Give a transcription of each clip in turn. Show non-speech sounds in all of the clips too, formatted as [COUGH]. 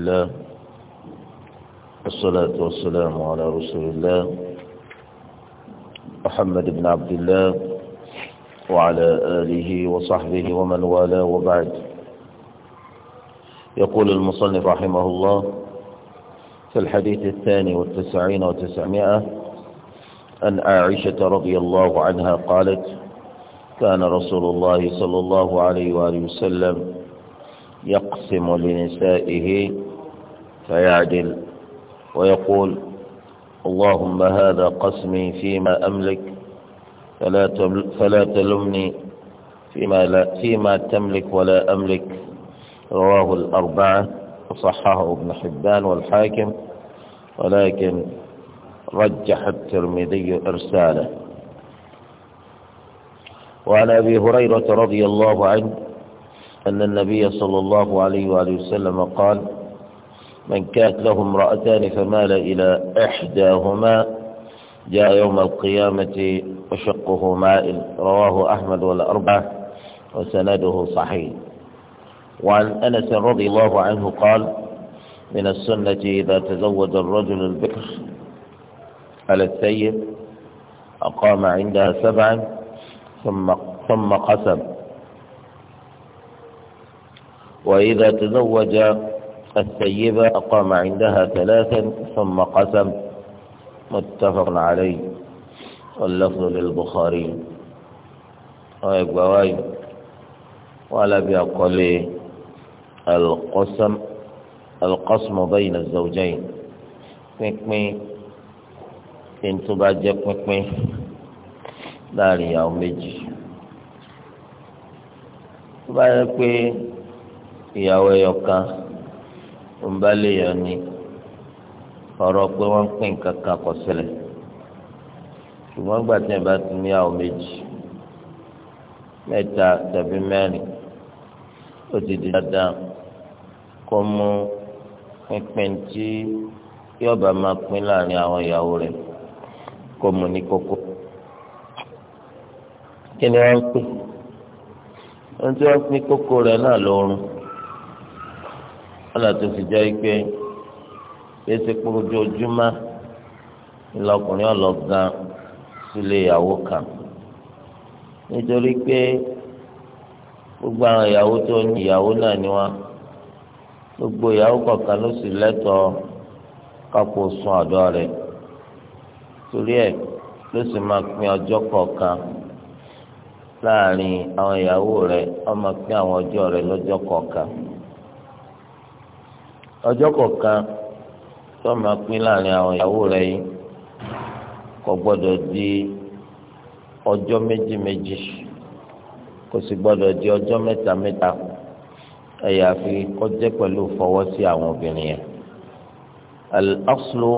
الله والصلاة والسلام على رسول الله محمد بن عبد الله وعلى آله وصحبه ومن والاه وبعد يقول المصنف رحمه الله في الحديث الثاني والتسعين وتسعمائة أن عائشة رضي الله عنها قالت كان رسول الله صلى الله عليه وآله وسلم يقسم لنسائه فيعدل ويقول اللهم هذا قسمي فيما أملك فلا فلا تلمني فيما لا فيما تملك ولا أملك رواه الأربعة وصححه ابن حبان والحاكم ولكن رجح الترمذي إرساله وعن أبي هريرة رضي الله عنه أن النبي صلى الله عليه وآله وسلم قال من كانت له امرأتان فمال إلى إحداهما جاء يوم القيامة وشقه مائل رواه أحمد والأربعة وسنده صحيح وعن أنس رضي الله عنه قال من السنة إذا تزوج الرجل البكر على السيد أقام عندها سبعا ثم ثم قسم وإذا تزوج الطيبة أقام عندها ثلاثا ثم قسم متفق عليه واللفظ للبخاري ويقواي ولا بأقل القسم القسم بين الزوجين pínpín tí n tó داري jẹ pínpín láàrin يا ويوكا ń bá léèyàn ni ọ̀rọ̀ pé wọ́n ń pín nǹkan kan kọ̀ sílẹ̀ ṣùgbọ́n gbà tí ẹ̀ bá ti ní àwọn méjì mẹ́ta tàbí mẹ́rin ó ti di dandan kó mú pínpín tí yọba máa pín láàrin àwọn ìyàwó rẹ̀ kó mú ní kókó kí ni wọ́n ń pín ohun tí wọ́n pín kókó rẹ̀ náà lọ́rùn. ọlọ́run tó fi jẹ́ pé kéésì kúrú ojoojúmọ́ ńlọkùnrin ọlọ́gán sílé ìyàwó kan nítorí pé gbogbo àwọn ìyàwó tó ní ìyàwó náà ni wọn gbogbo ìyàwó kọ̀ọ̀kan ló sì lẹ́tọ̀ọ́ kápò sun ọ̀dọ́ rẹ̀ torí ẹ̀ ló sì máa pín ọjọ́ kọ̀ọ̀kan láàrin àwọn ìyàwó rẹ̀ ó máa pín àwọn ọjọ́ kọ̀ọ̀kan tó máa pín láàrin àwọn ìyàwó rẹ̀ yìí kò gbọ́dọ̀ di ọjọ́ méjì méjì kò sì gbọ́dọ̀ di ọjọ́ mẹ́ta mẹ́ta ẹ̀yàfi kọjá pẹ̀lú fọwọ́sí àwọn obìnrin yẹn al-aslu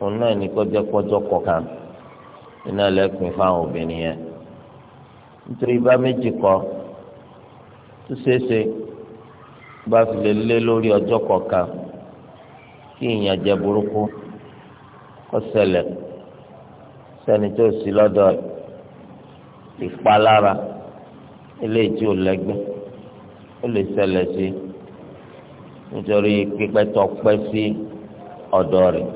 òun náà ní kọjá pọ́jọ́ kọ̀ọ̀kan iná lẹ́pìn fáwọn obìnrin yẹn nítorí bá méjì kọ tó ṣeéṣe. bá fi lè lé lórí ọjọ́ kọ̀ọ̀kan kí ìyànjẹ burúkú kó ṣẹlẹ̀ sẹ́ni tó sí lọ́dọ̀ ìpalára eléyìí tí ò lẹ́gbẹ́ ó lè ṣẹlẹ̀ sí nítorí pípẹ́ tó pẹ́ sí ọ̀dọ̀ rẹ̀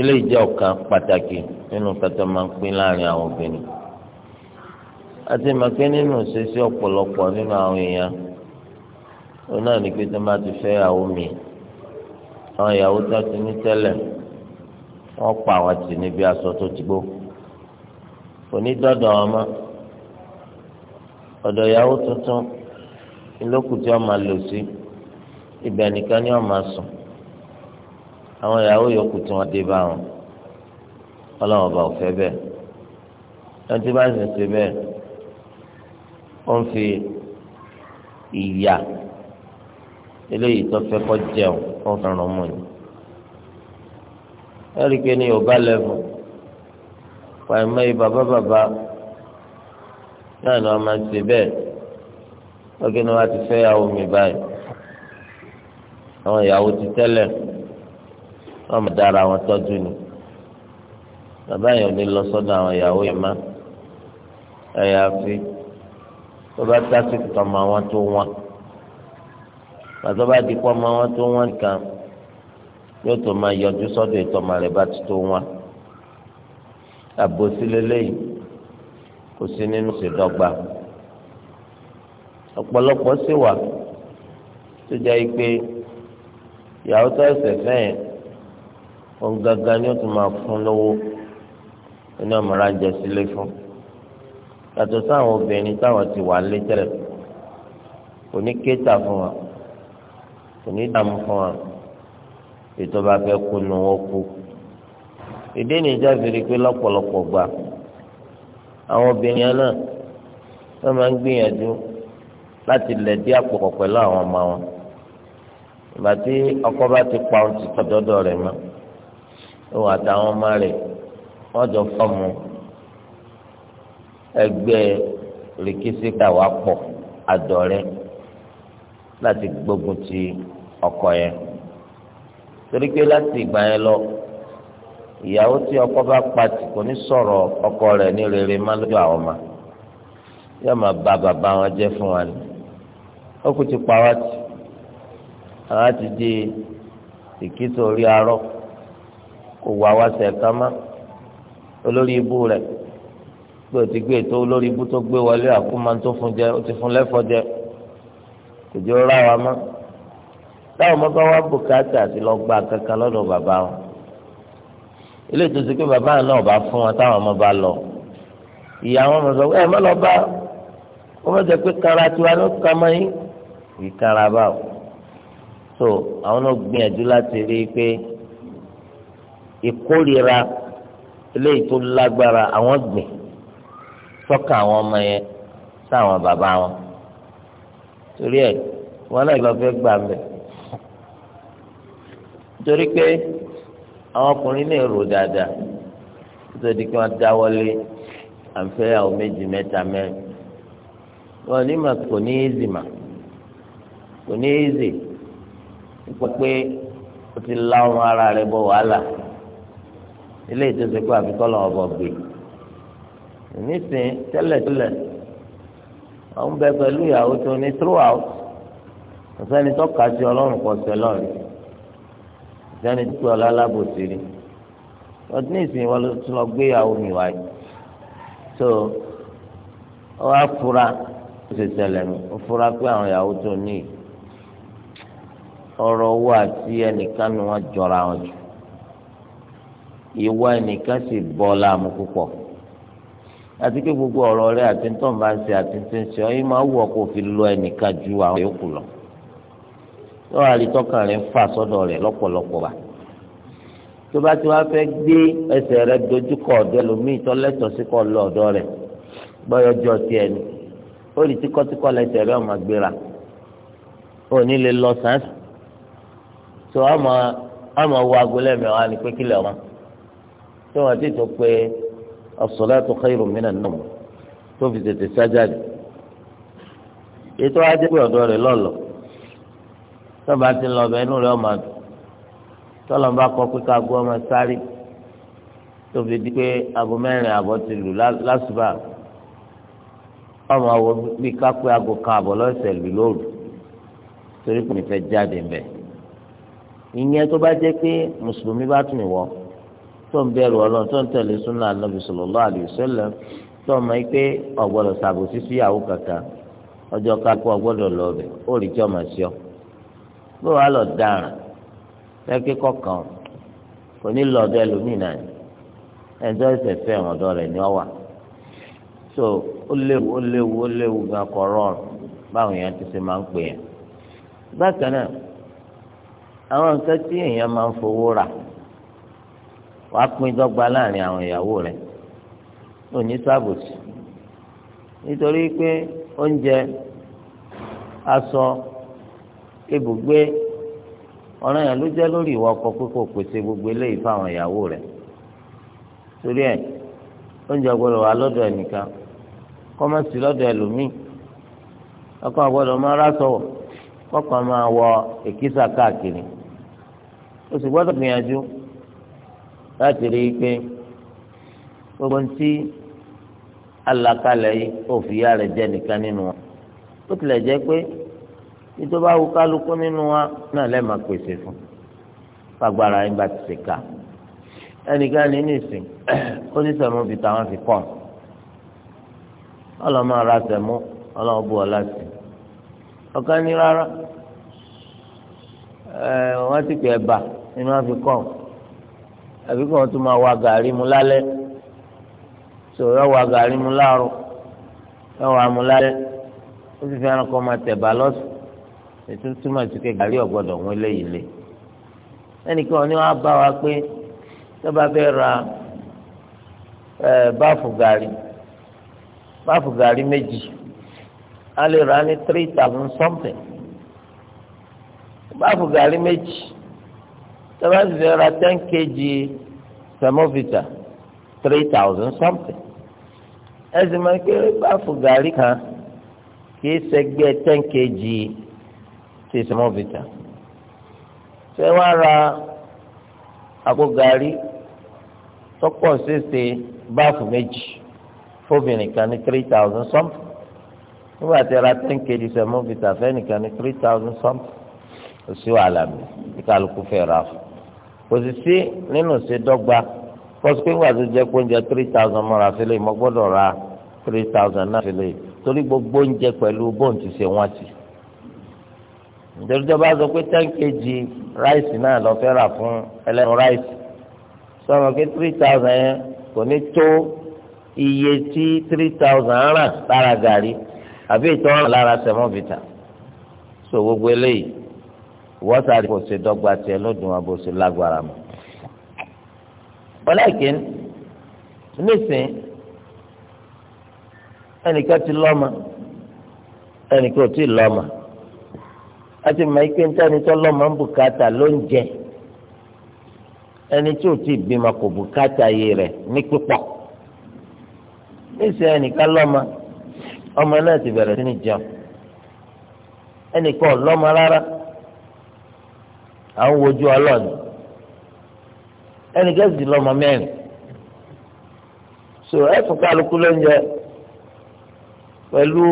eléyìí jẹ́ ọ̀kan pàtàkì nínú máa ń pín láàrin àwọn obìnrin àti ṣe sí ọ̀pọ̀lọpọ̀ òun náà ní pé tó máa ti fẹ́ ìyàwó mi àwọn ìyàwó tó ti ní tẹ́lẹ̀ wọ́n pa àwọn tì níbi aṣọ tó ti gbó kò ní dọ́dọ̀ wọn mọ́ ọ̀dọ̀ ìyàwó tuntun ìlókù tí wọ́n máa lò sí ibẹ̀ nìkan ni wọ́n máa sùn àwọn ìyàwó yòókù tí wọ́n dé bá wọn ọlọ́wọ́n bá òfẹ́ bẹ́ẹ̀ ẹni tí bá ń sèse bẹ́ẹ̀ ó fi ìyà eléyìí tó fẹ́ kọ́ jẹun kọ́ fẹ́ràn mọ́ ni. ẹ̀rí pé ní yorùbá lẹ́fù pàìmọ́ yìí bàbá bàbá náà ni wọ́n máa ń ṣe bẹ́ẹ̀ lọ́gẹ́ ni wọ́n ti fẹ́ yàwó mi báyìí àwọn ìyàwó ti tẹ́lẹ̀ wọ́n mọ̀ dára wọn tọ́jú ni bàbá yẹn ò ní lọ sọ́dọ̀ àwọn ìyàwó yẹn má ẹ̀yà fi tó bá tásìkò tọmọ àwọn tó wọn pàtó bá di pọ́ ọmọ wọn tó wọn kan yóò tó máa yọjú sọ́dọ̀ ìtọ́mọ rẹ̀ bá ti tó wọn àbòsí lélẹ́yìn kò sí nínú ìṣèdọ́gba ọ̀pọ̀lọpọ̀ sì wà tó jẹ́ pé ìyàwó tó ẹsẹ̀ fẹ́yìn òun gangan ni ó tún máa fún lówó nínú ọmọọ̀rá jẹ sílé fún yàtọ̀ sáwọn obìnrin táwọn ti wà lé kò ní kéta fún wọn kò ní dààmú fún wa ètò bá fẹ́ kú nu wọn kú ìdí nìjà fèrè pé lọ́pọ̀lọpọ̀ gbà àwọn obìnrin náà wọ́n máa ń gbìyànjú láti lẹ̀ dí àpòkọ̀ pẹ̀lú àwọn ọmọ wọn ìgbà tí ọkọ bá ti pa ohun ti tọ́jọ́dọ̀ rẹ̀ mọ́ òun àtàwọn ọmọ rẹ̀ wọ́n jọ fọ́ọ̀mù ẹgbẹ́ rìkísí dà pọ̀ àdọ̀rẹ́ láti gbógun ti ọkọ yẹn torí pé láti ìgbà yẹn lọ ìyàwó tí ọkọ bá pati kò ní sọ̀rọ̀ ọkọ rẹ̀ ní rere má lọ́dọ̀ àwọn ọmọ yóò máa ba bàbá wọn jẹ́ fún wa ni ó kú ti pa wá ti àwọn ti di ìkíta orí arọ kò wá wá sẹ̀ ká má olórí ibú rẹ̀ pé o ti gbé ètò olórí ibú tó gbé wọlé àkúmọ̀ tó fún jẹ o ti fún lẹ́fọ́ jẹ kò jẹ́ ó rà wá mọ́. táwọn ọmọ bá wá bùkátà sí lọ gba kankan lọ́dọ̀ bàbá wọn ilé ìtòsí pé bàbá náà bá fún wọn táwọn ọmọ bá lọ ìyá wọn mọ sọ ẹ má lọ bá wọn bá jẹ pé kara tiwa ló ka mọ yín ìkara bá o so àwọn náà gbìyànjú láti rí i pé ìkórira eléyìí tó lágbára àwọn gbìn sọ́kà àwọn ọmọ yẹn sáwọn bàbá wọn torí ẹ wọn náà lọ fẹ́ gbà mẹ́rin torí pé àwọn ọkùnrin náà rò dáadáa nítorí kí wọ́n dáwọ́lé àǹfẹ́yàwó méjì mẹ́ta mẹ́rin wọn ní mà kò ní ézì mà kò ní ézì nípa pé o ti la ọrùn ara rẹ bọ wàhálà ilé ìtòsí pé àfikọ́ lọ́wọ́ bọ̀ gbé nísìnyí tẹ́lẹ̀tẹ́lẹ̀ àwọn bẹ pẹ̀lú ìyàwó tó ní throughout ọ̀sẹ́ni tọ́ka sí ọlọ́run kọ́ sẹ́lọ́run sẹ́ni tí ọ̀la alábòsí ni ọdún ní ìsìn wọn tún lọ gbé ìyàwó mi wá yìí tó ọ wá fura ó sì ṣẹlẹ̀ mi ó fura pé àwọn ìyàwó tó ní yìí ọ̀rọ̀ owó àti ẹnìkan ni wọ́n jọra wọn jù ìwọ ẹnìkan sì bọ́ láàmú púpọ̀ àti pé gbogbo ọ̀rọ̀ rẹ àti tó ń bá ń ṣe àti ń ṣe ọ yìí máa wù ọ́ kó fi lọ ẹnìkan ju àwọn yòókù lọ lọ́wọ́ àlítọ́kàn rẹ̀ ń fà sọ́dọ̀ rẹ̀ lọ́pọ̀lọpọ̀ bá tó bá ti wá fẹ́ gbé ẹsẹ̀ rẹ̀ dojúkọ ọ̀dọ́ ẹlòmíì tó lẹ́tọ̀ọ́ sí kọ́ lọ ọ̀dọ́ rẹ̀ gbọ́yọ̀ jọ tiẹ̀ ni ó rí tíkọ́tíkọ́ lẹ́sẹ̀ rẹ̀ ọ̀mà gbéra ó ní lè lọ sàn án tó àmọ́ àmọ́ wo aago lẹ́mẹ̀wá ni pé kílẹ̀ wọn tó wọn ti tó pé as-salatu khayrun minan nawm tó fi tètè sájà ètò ajé pé ọ̀dọ́ rẹ̀ lọ́lọ́ọ̀ tọ́ba ti lọ bẹ́ẹ̀ nù rẹ̀ ọmọ àdùn tọ́lọ́ bá kọ́ pé ká gbọ́ ọmọ sáré tó fi di pé aago mẹ́rin àbọ̀ ti lù lásùbà ọmọ àwọn bí ká pé aago kan àbọ̀ lọ́sẹ̀ lù lóru torí kò ní fẹ́ jáde mbẹ́ ìyẹn tó bá jẹ́ pé mùsùlùmí bá tún ìwọ tó ń bẹ̀rù ọlọ́run tó ń tẹ̀lé súnà nàbì sallallahu alaihi wasallam tó ń mọ̀ pé ọ̀gbọ́dọ̀ ṣàbòsí síyàwó kankan ọjọ́ ká kó ọgbọ́dọ̀ lọ bẹ̀ ó rí jọ́ màá ṣíọ́. bó wàá lọ dáràn lẹ́kẹ́ kọ̀ọ̀kan kò ní lọ ọ̀dọ̀ ẹlòmíì náà ẹ̀jọ́ ẹsẹ̀ fẹ́ rẹ̀ ni ọ wà so ó léwu ó léwu ó léwu gan kọ̀ọ̀rọ̀ báwọn èèyàn ti ṣe máa ń pè é bákan náà àwọn nǹkan tí èèyàn máa ń fowó rà wàá pín dọ́gba láàrin àwọn ìyàwó rẹ̀ ibùgbé ọ̀ràn yẹn ló jẹ́ lórí ìwà ọkọ pé kò pèsè gbogbo eléyìí fáwọn ìyàwó rẹ̀ torí ẹ̀ oúnjẹ gbọ́dọ̀ wà lọ́dọ̀ ẹnìkan kọ́mọ́sì lọ́dọ̀ ẹlòmíì ọkọ àgbọ́dọ̀ máa rásọ̀wọ̀ kọ́kàn máa wọ èkísà káàkiri o sì gbọ́dọ̀ gbìyànjú láti rí i pé gbogbo ń tí yìí òfìyà rẹ̀ jẹ́ nìkan nínú wọn ó tilẹ̀ jẹ́ pé ìjọba wo kálukú nínú wa náà lẹ́ẹ̀ máa pèsè fún fagbára yín bá ti ṣe ká ẹnìkan ní nìsín [CLEARS THROAT] ó ní sẹ̀mú fi tàwọn fi kọ́ ọlọ́mọ ara sẹ̀mú ọlọ́mọ bú ọlá sí ọ̀kan ní rárá wọ́n ti pè ẹ̀bà nínú wọn fi kọ́ àbí kí wọ́n tún máa wa gàrí mu lálẹ́ sọ̀rọ̀ wa gàrí mu láàrọ̀ ẹ̀ wà mu lálẹ́ ó sì fẹ́ràn kọ́ máa tẹ̀bà lọ́sùn ètò túmọ̀ sí pé gàrí ọ̀gbọ́dọ̀ wọn léyìí lé ẹnìkan ni wọ́n á bá wa pé tó bá fẹ́ ra báfù gàrí báfù gàrí méjì a lè ra ní three thousand something báfù gàrí méjì tó bá fẹ́ ra ten kg semovita three thousand something ẹ sì máa ń kéré báfù gàrí kan kì í ṣẹgbẹ́ ten kg tí èsì mọ́ bìtà ṣé wàá ra àpò gàrí tọ́pọ̀ ṣèṣe báàfù méjì fóbìnrin kan ní three thousand something nígbà tí ra ten kg sẹ̀mọ́ bìtà fẹ́nìkan ní three thousand something kò sí wàhálà mi kí kálukú fẹ́ ra fún kò sì sí nínú ìṣèdọ́gba kọ́sí pé ńgbà tó jẹ́ pé oúnjẹ three thousand mọ́ra fílẹ̀ mọ́ gbọ́dọ̀ ra three thousand náà fílẹ̀ torí gbogbo oúnjẹ pẹ̀lú bóun ti ṣe wọ́n ti nítorí tó bá sọ pé ten kg ráìsì náà lọ fẹ́ rà fún ẹlẹ́nu ráìsì sọ̀rọ̀ pé three thousand yẹn kò ní tó iye tí three thousand rà lára gàrí àbí ìtọ́ràn lára sẹ̀mọ́bìtà so gbogbo eléyìí wọ́n sáré kò ṣe dọ́gba tiẹ̀ lọ́dún wa bó ṣe lágbára mọ́. ọlẹ́kìn nísìn ẹnìkan ti lọ́mọ ẹnìkan ò tí ì lọ́mọ a ti mọ ike ntẹni tó lọ máa ń bùkátà ló ń jẹ ẹni tí ò tí ì bímọ kò bùkátà yìí rẹ ní pípọ̀ níṣẹ ẹnìkan lọ́mọ ọmọ náà ti bẹ̀rẹ̀ sí ní jẹun ẹnìkan lọ́mọ rárá à ń wojú ọlọ́ọ̀ni ẹnìkan sì lọ́mọ mẹ́rin so ẹ̀fọn kálukú ló ń jẹ pẹ̀lú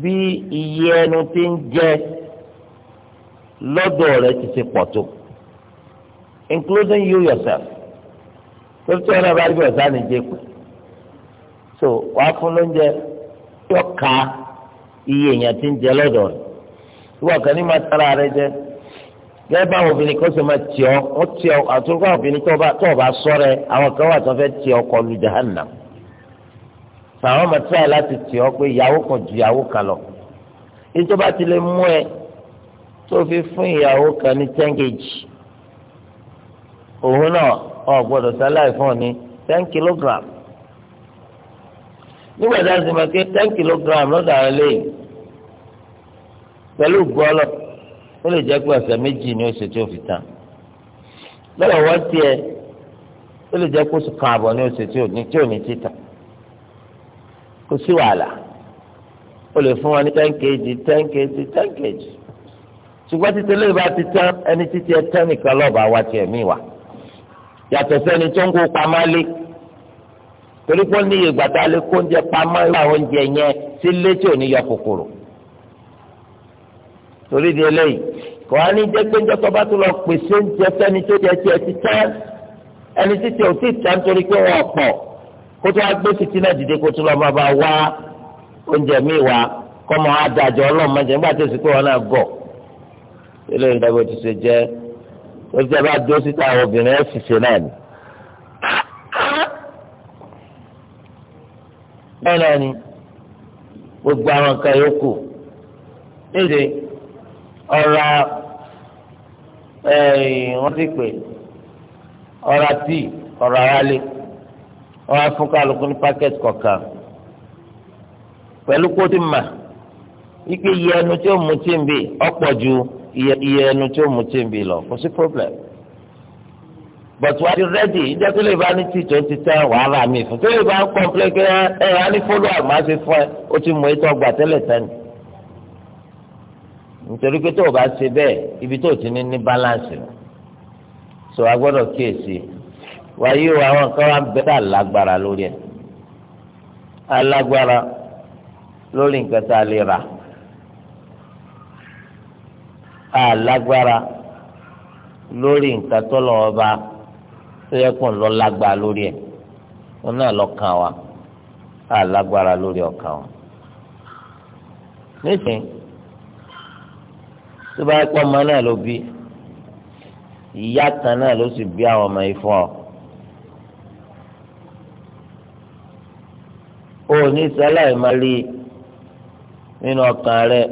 bí iye ẹnu ti ń jẹ lọ́dọ̀ rẹ ti ṣe pọ̀ tó including you yourself tó tó yẹn náà bá gbé ọ̀sán nìjẹ́ pé so wàá fún lóúnjẹ yọ ká iye èèyàn ti ń jẹ lọ́dọ̀ rẹ ìwọ kan ní máa tara rẹ jẹ gẹ́gẹ́ bá àwọn obìnrin kan ṣe máa tì ọ́ wọ́n tì ọ́ àtúnkọ́ àwọn obìnrin tó o bá sọ́rẹ́ àwọn kan wà tó fẹ́ tì ọ́ kọlu jahannam sàwọn ọmọ tíráì láti tì ọ́ pé ìyàwó kan ju ìyàwó kan lọ ìjọba ti lè mú ẹ tó fi fún ìyàwó kan ní ten kg òun náà ọ̀ gbọ́dọ̀ fún ọ ní ten kilogram nígbà tá a sì máa ké ten kilogram lọ́dọ̀ àwọn eléyìí pẹ̀lú gbọ́lọ̀ ó lè jẹ́ pé ọ̀sẹ̀ méjì ni oṣù tí ó fi tán lọ́wọ́ wọ́n tiẹ̀ ó lè jẹ́ pé oṣù kan àbọ̀ ni oṣù tí ò ní títà kò sí wàhálà ó lè fún wọn ní ten kg ten kg ten kg ṣùgbọ́n títí lóye bá ti tán ẹni títí ẹ tán nìkan lọ́ọ̀bà wa tiẹ̀ mí wa yàtọ̀ sẹ́ni tó ń kó pamọ́ lé torí pé ó ní ìgbà tá a lè kó oúnjẹ pamọ́ irú àwọn oúnjẹ yẹn sí ilé tí ò ní yọ kòkòrò torí di eléyìí kò á ní jẹ́ pé ń jọ́tọ̀ bá tó lọ pèsè oúnjẹ sẹ́ni tó jẹ tiẹ̀ ti tán ẹni títí ò tí tán torí pé wọ́n pọ̀ kó tó wá gbé títí náà dìde kó tó lọ máa bá wá oúnjẹ míì wá kọ́mọ adájọ́ eléyìí dábò ti ṣe jẹ́ wọ́n ti bá dó síta àwọn obìnrin ẹ̀ ṣiṣẹ́ náà ni. bẹ́ẹ̀ náà ni gbogbo àwọn nǹkan yòókù níbi ọ̀rá wọ́n ti pè ọ̀rá tíì ọ̀rá aráalé ọ̀rá fún kálukú ní pákẹ́tì kọ̀ọ̀kan pẹ̀lú kó ti mà ike yẹ tí ó mú tí ń bì ọ̀pọ̀ ju. iye ẹnu tí ó mú lọ kò sí problem but wàá di rẹ́dì ìjẹ́ tó lè bá ní tìjọ́ ti tẹ́ wàhálà mi fún tó lè bá ń kọ́ńplé kí ẹ ẹ á ní fọ́lọ́ àgbà ṣe fún ẹ ó ti mú ètò ọgbà tẹ́lẹ̀ tẹ́lẹ̀ nítorí pé tó o bá ṣe bẹ́ẹ̀ ibi tó o ti ní ní so a gbọ́dọ̀ kíyèsí wàyí o àwọn kan wá ń bẹ tá a lágbára lórí ẹ̀ alágbára lórí nǹkan tá a lè rà alágbára lórí nǹkan tó lọ ọba tó yẹ kó ń lọ lágbára lórí ẹ wọn náà lọ kàn wá alágbára lórí ọkàn wa nísìn tó bá pọ ọmọ náà ló bí ìyá kan náà ló sì bí àwọn ọmọ yìí fún ọ. òní sálà ìmọ̀lì nínú ọkàn rẹ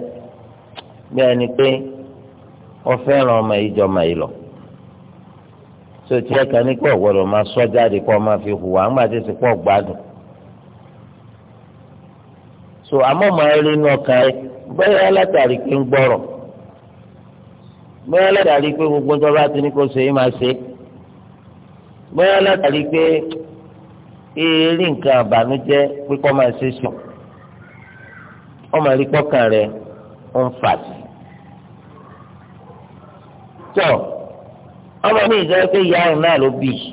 bí ẹni pé ọfẹ́ràn ọmọ yìí ọmọ yìí tó tiẹ̀ kan ní pọ̀ gbọ́dọ̀ máa sọ jáde kó máa fi hùwà ńgbà tí ti pọ̀ gbádùn so àmọ́ màá rí inú ọkàn rẹ bẹ́ẹ̀ látàrí pé ń gbọ́rọ̀ bẹ́ẹ̀ látàrí pé gbogbo bá ti ní kó ṣe é máa ṣe bẹ́ẹ̀ látàrí pé nǹkan àbànújẹ́ pé kó máa ṣe sùn ọmọ rẹ ń tọ ọmọ mi ìjọba pé ìyá òun náà ló bì í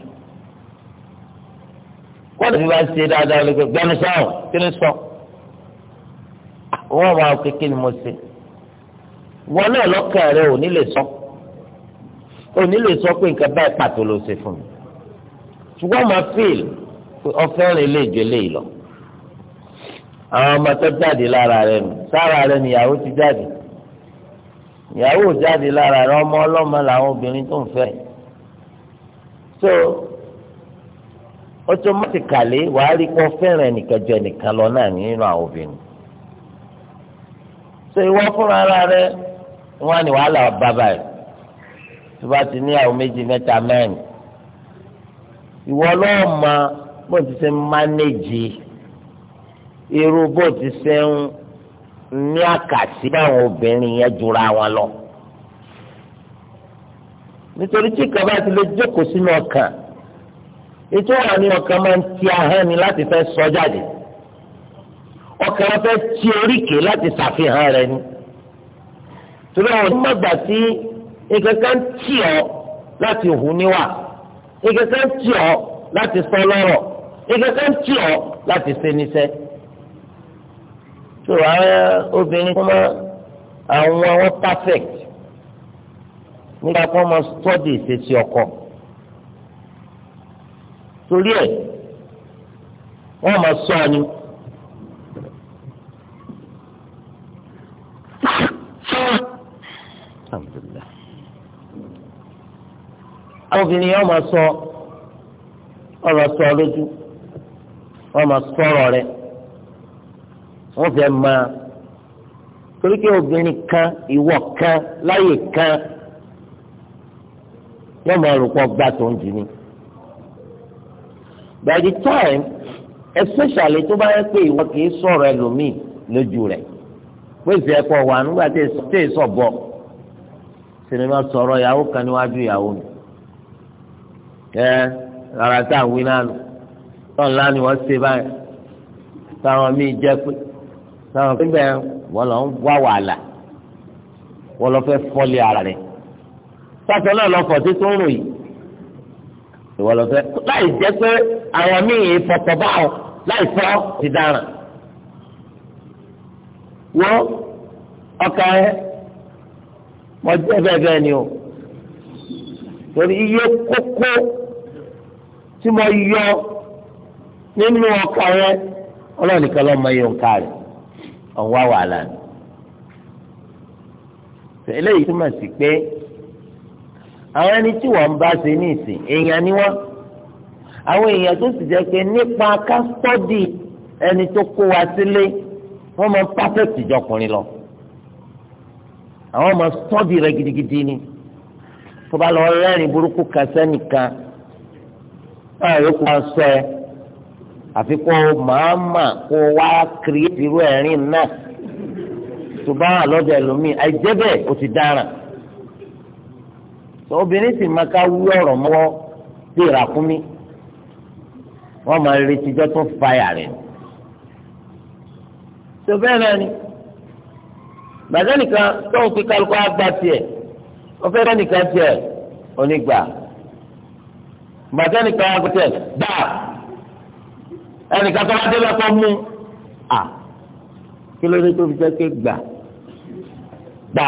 kọ́ni bí wọ́n ṣe dáadáa ló gbé gbẹ́nu sáwọn kí ni sọ wọ́n máa kéke ni mo ṣe wọn náà lọ́kàn rẹ ò ní lè sọ ò ní lè sọ pé nǹkan báyìí pàtó ló ṣe fún mi ṣùgbọ́n máa fíìl pé ọ̀fẹ́ rẹ̀ lè jẹ́ léyìí lọ àwọn ọmọ tó jáde lára rẹ nù sára rẹ nìyàwó ti jáde ìyàwó jáde lára rẹ ọmọ ọlọ́mọ làwọn obìnrin tó ń fẹ́ so automatically wàá rí kó fẹ́ràn ẹnìkan ju ẹnìkan lọ náà nínú àwọn obìnrin so ìwọ fúnra ara rẹ wọn ni wàhálà bá báyìí tó bá ti níyàwó méjì mẹ́ta mẹ́rin ìwọ lọ́ọ́ mọ bó ti ṣe mánéjì irú bó ti ṣe ń ní àkàtì àwọn obìnrin yẹn jura wọn lọ nítorí tí kaba ti lè jókòó sínú ọkàn ètò wà ní ọkàn máa ń ti ahọ́n ni láti fẹ́ sọ jáde ọkàn fẹ́ ti oríkèé láti ṣàfihàn rẹ̀ ni torí àwọn onímọ̀gbà tí ìkankan tì ọ́ láti hù níwà ìkankan tì ọ́ láti sọ lọ́rọ̀ ìkankan tì ọ́ láti ṣe níṣẹ́ so àwọn obìnrin kọ́ máa àwọn àwọn perfect nígbà kọ́ máa study ìṣesí ọkọ torí ẹ̀ wọ́n máa sọ ni. àwọn obìnrin yẹn wọ́n máa sọ ọ̀rọ̀ sọ lójú wọ́n máa sọ ọ̀rọ̀ rẹ̀ wọ́n fẹ́ máa torí pé obìnrin kan ìwọ kan láyè kan yóò máa rò pọ̀ gbà tó ń jì ní. by the time especially tó bá yẹ pé ìwọ kì í sọ̀rọ̀ ẹlòmíì lójú rẹ̀ pèsè ẹ̀kọ́ wà nígbà tí èso bọ̀ sinimá sọ̀rọ̀ ìyàwó kan níwájú ìyàwó mi ẹ rárá tá à wí náà nù tọ́ńlá ni wọ́n ṣe báyìí táwọn míì jẹ́ pé sọ̀rọ̀ pípẹ́ wọ́n lọ ń wá wàhálà wọ́n lọ fẹ́ fọ́lé ara rẹ̀ sọ́sọ́ náà lọ fọ̀ títún rò yìí ìwọ lọ fẹ́ láì jẹ́ pé àwọn míì fọ̀tọ̀ bá ọ láì fọ́ ti dáràn wọ́n ọkà ẹ mọ jẹ́ bẹ́ẹ̀ bẹ́ẹ̀ ni o torí iye kókó tí mo yọ nínú ọkà rẹ ọlọ́ọ̀nìkan lọ́ọ́ mọ iye òǹkà rẹ̀ ọ̀wá wàhálà ni eléyìí túmọ̀ sí pé àwọn ẹni tí wọ́n ń bá ṣe ní ìsìn èèyàn ni wọ́n àwọn èèyàn tó sì jẹ́ pé nípa kásítọ́dì ẹni tó kó wa sílé wọ́n máa ń pàfẹ́tì lọ àwọn máa sọ́dì rẹ̀ gidigidi ni tó bá lọ rẹ́rìn burúkú kan sẹ́nìkan báyìí ó kó wa sọ ẹ́ àfi kó màámà kó wá kírètì irú ẹ̀rín náà tó bá wà lọ́dọ̀ ẹlòmíì àìjẹ́ bẹ́ẹ̀ ó ti dáràn obìnrin sì máa ká wú ọ̀rọ̀ mọ́wọ́ sí ìràkúnmí wọ́n máa retí jọ́ tó fàyà rẹ̀ tó bẹ́ẹ̀ náà ni bàtà nìkan tó ń fi kálukú àgbà tiẹ̀ wọ́n fẹ́ẹ́ nìkan tiẹ̀ onígbà bàtà nìkan àgbà tiẹ̀ dáa ẹnìkan tó bá débẹ̀ kọ́ mú à kí ló dé tó fi jẹ́ pé gbà gbà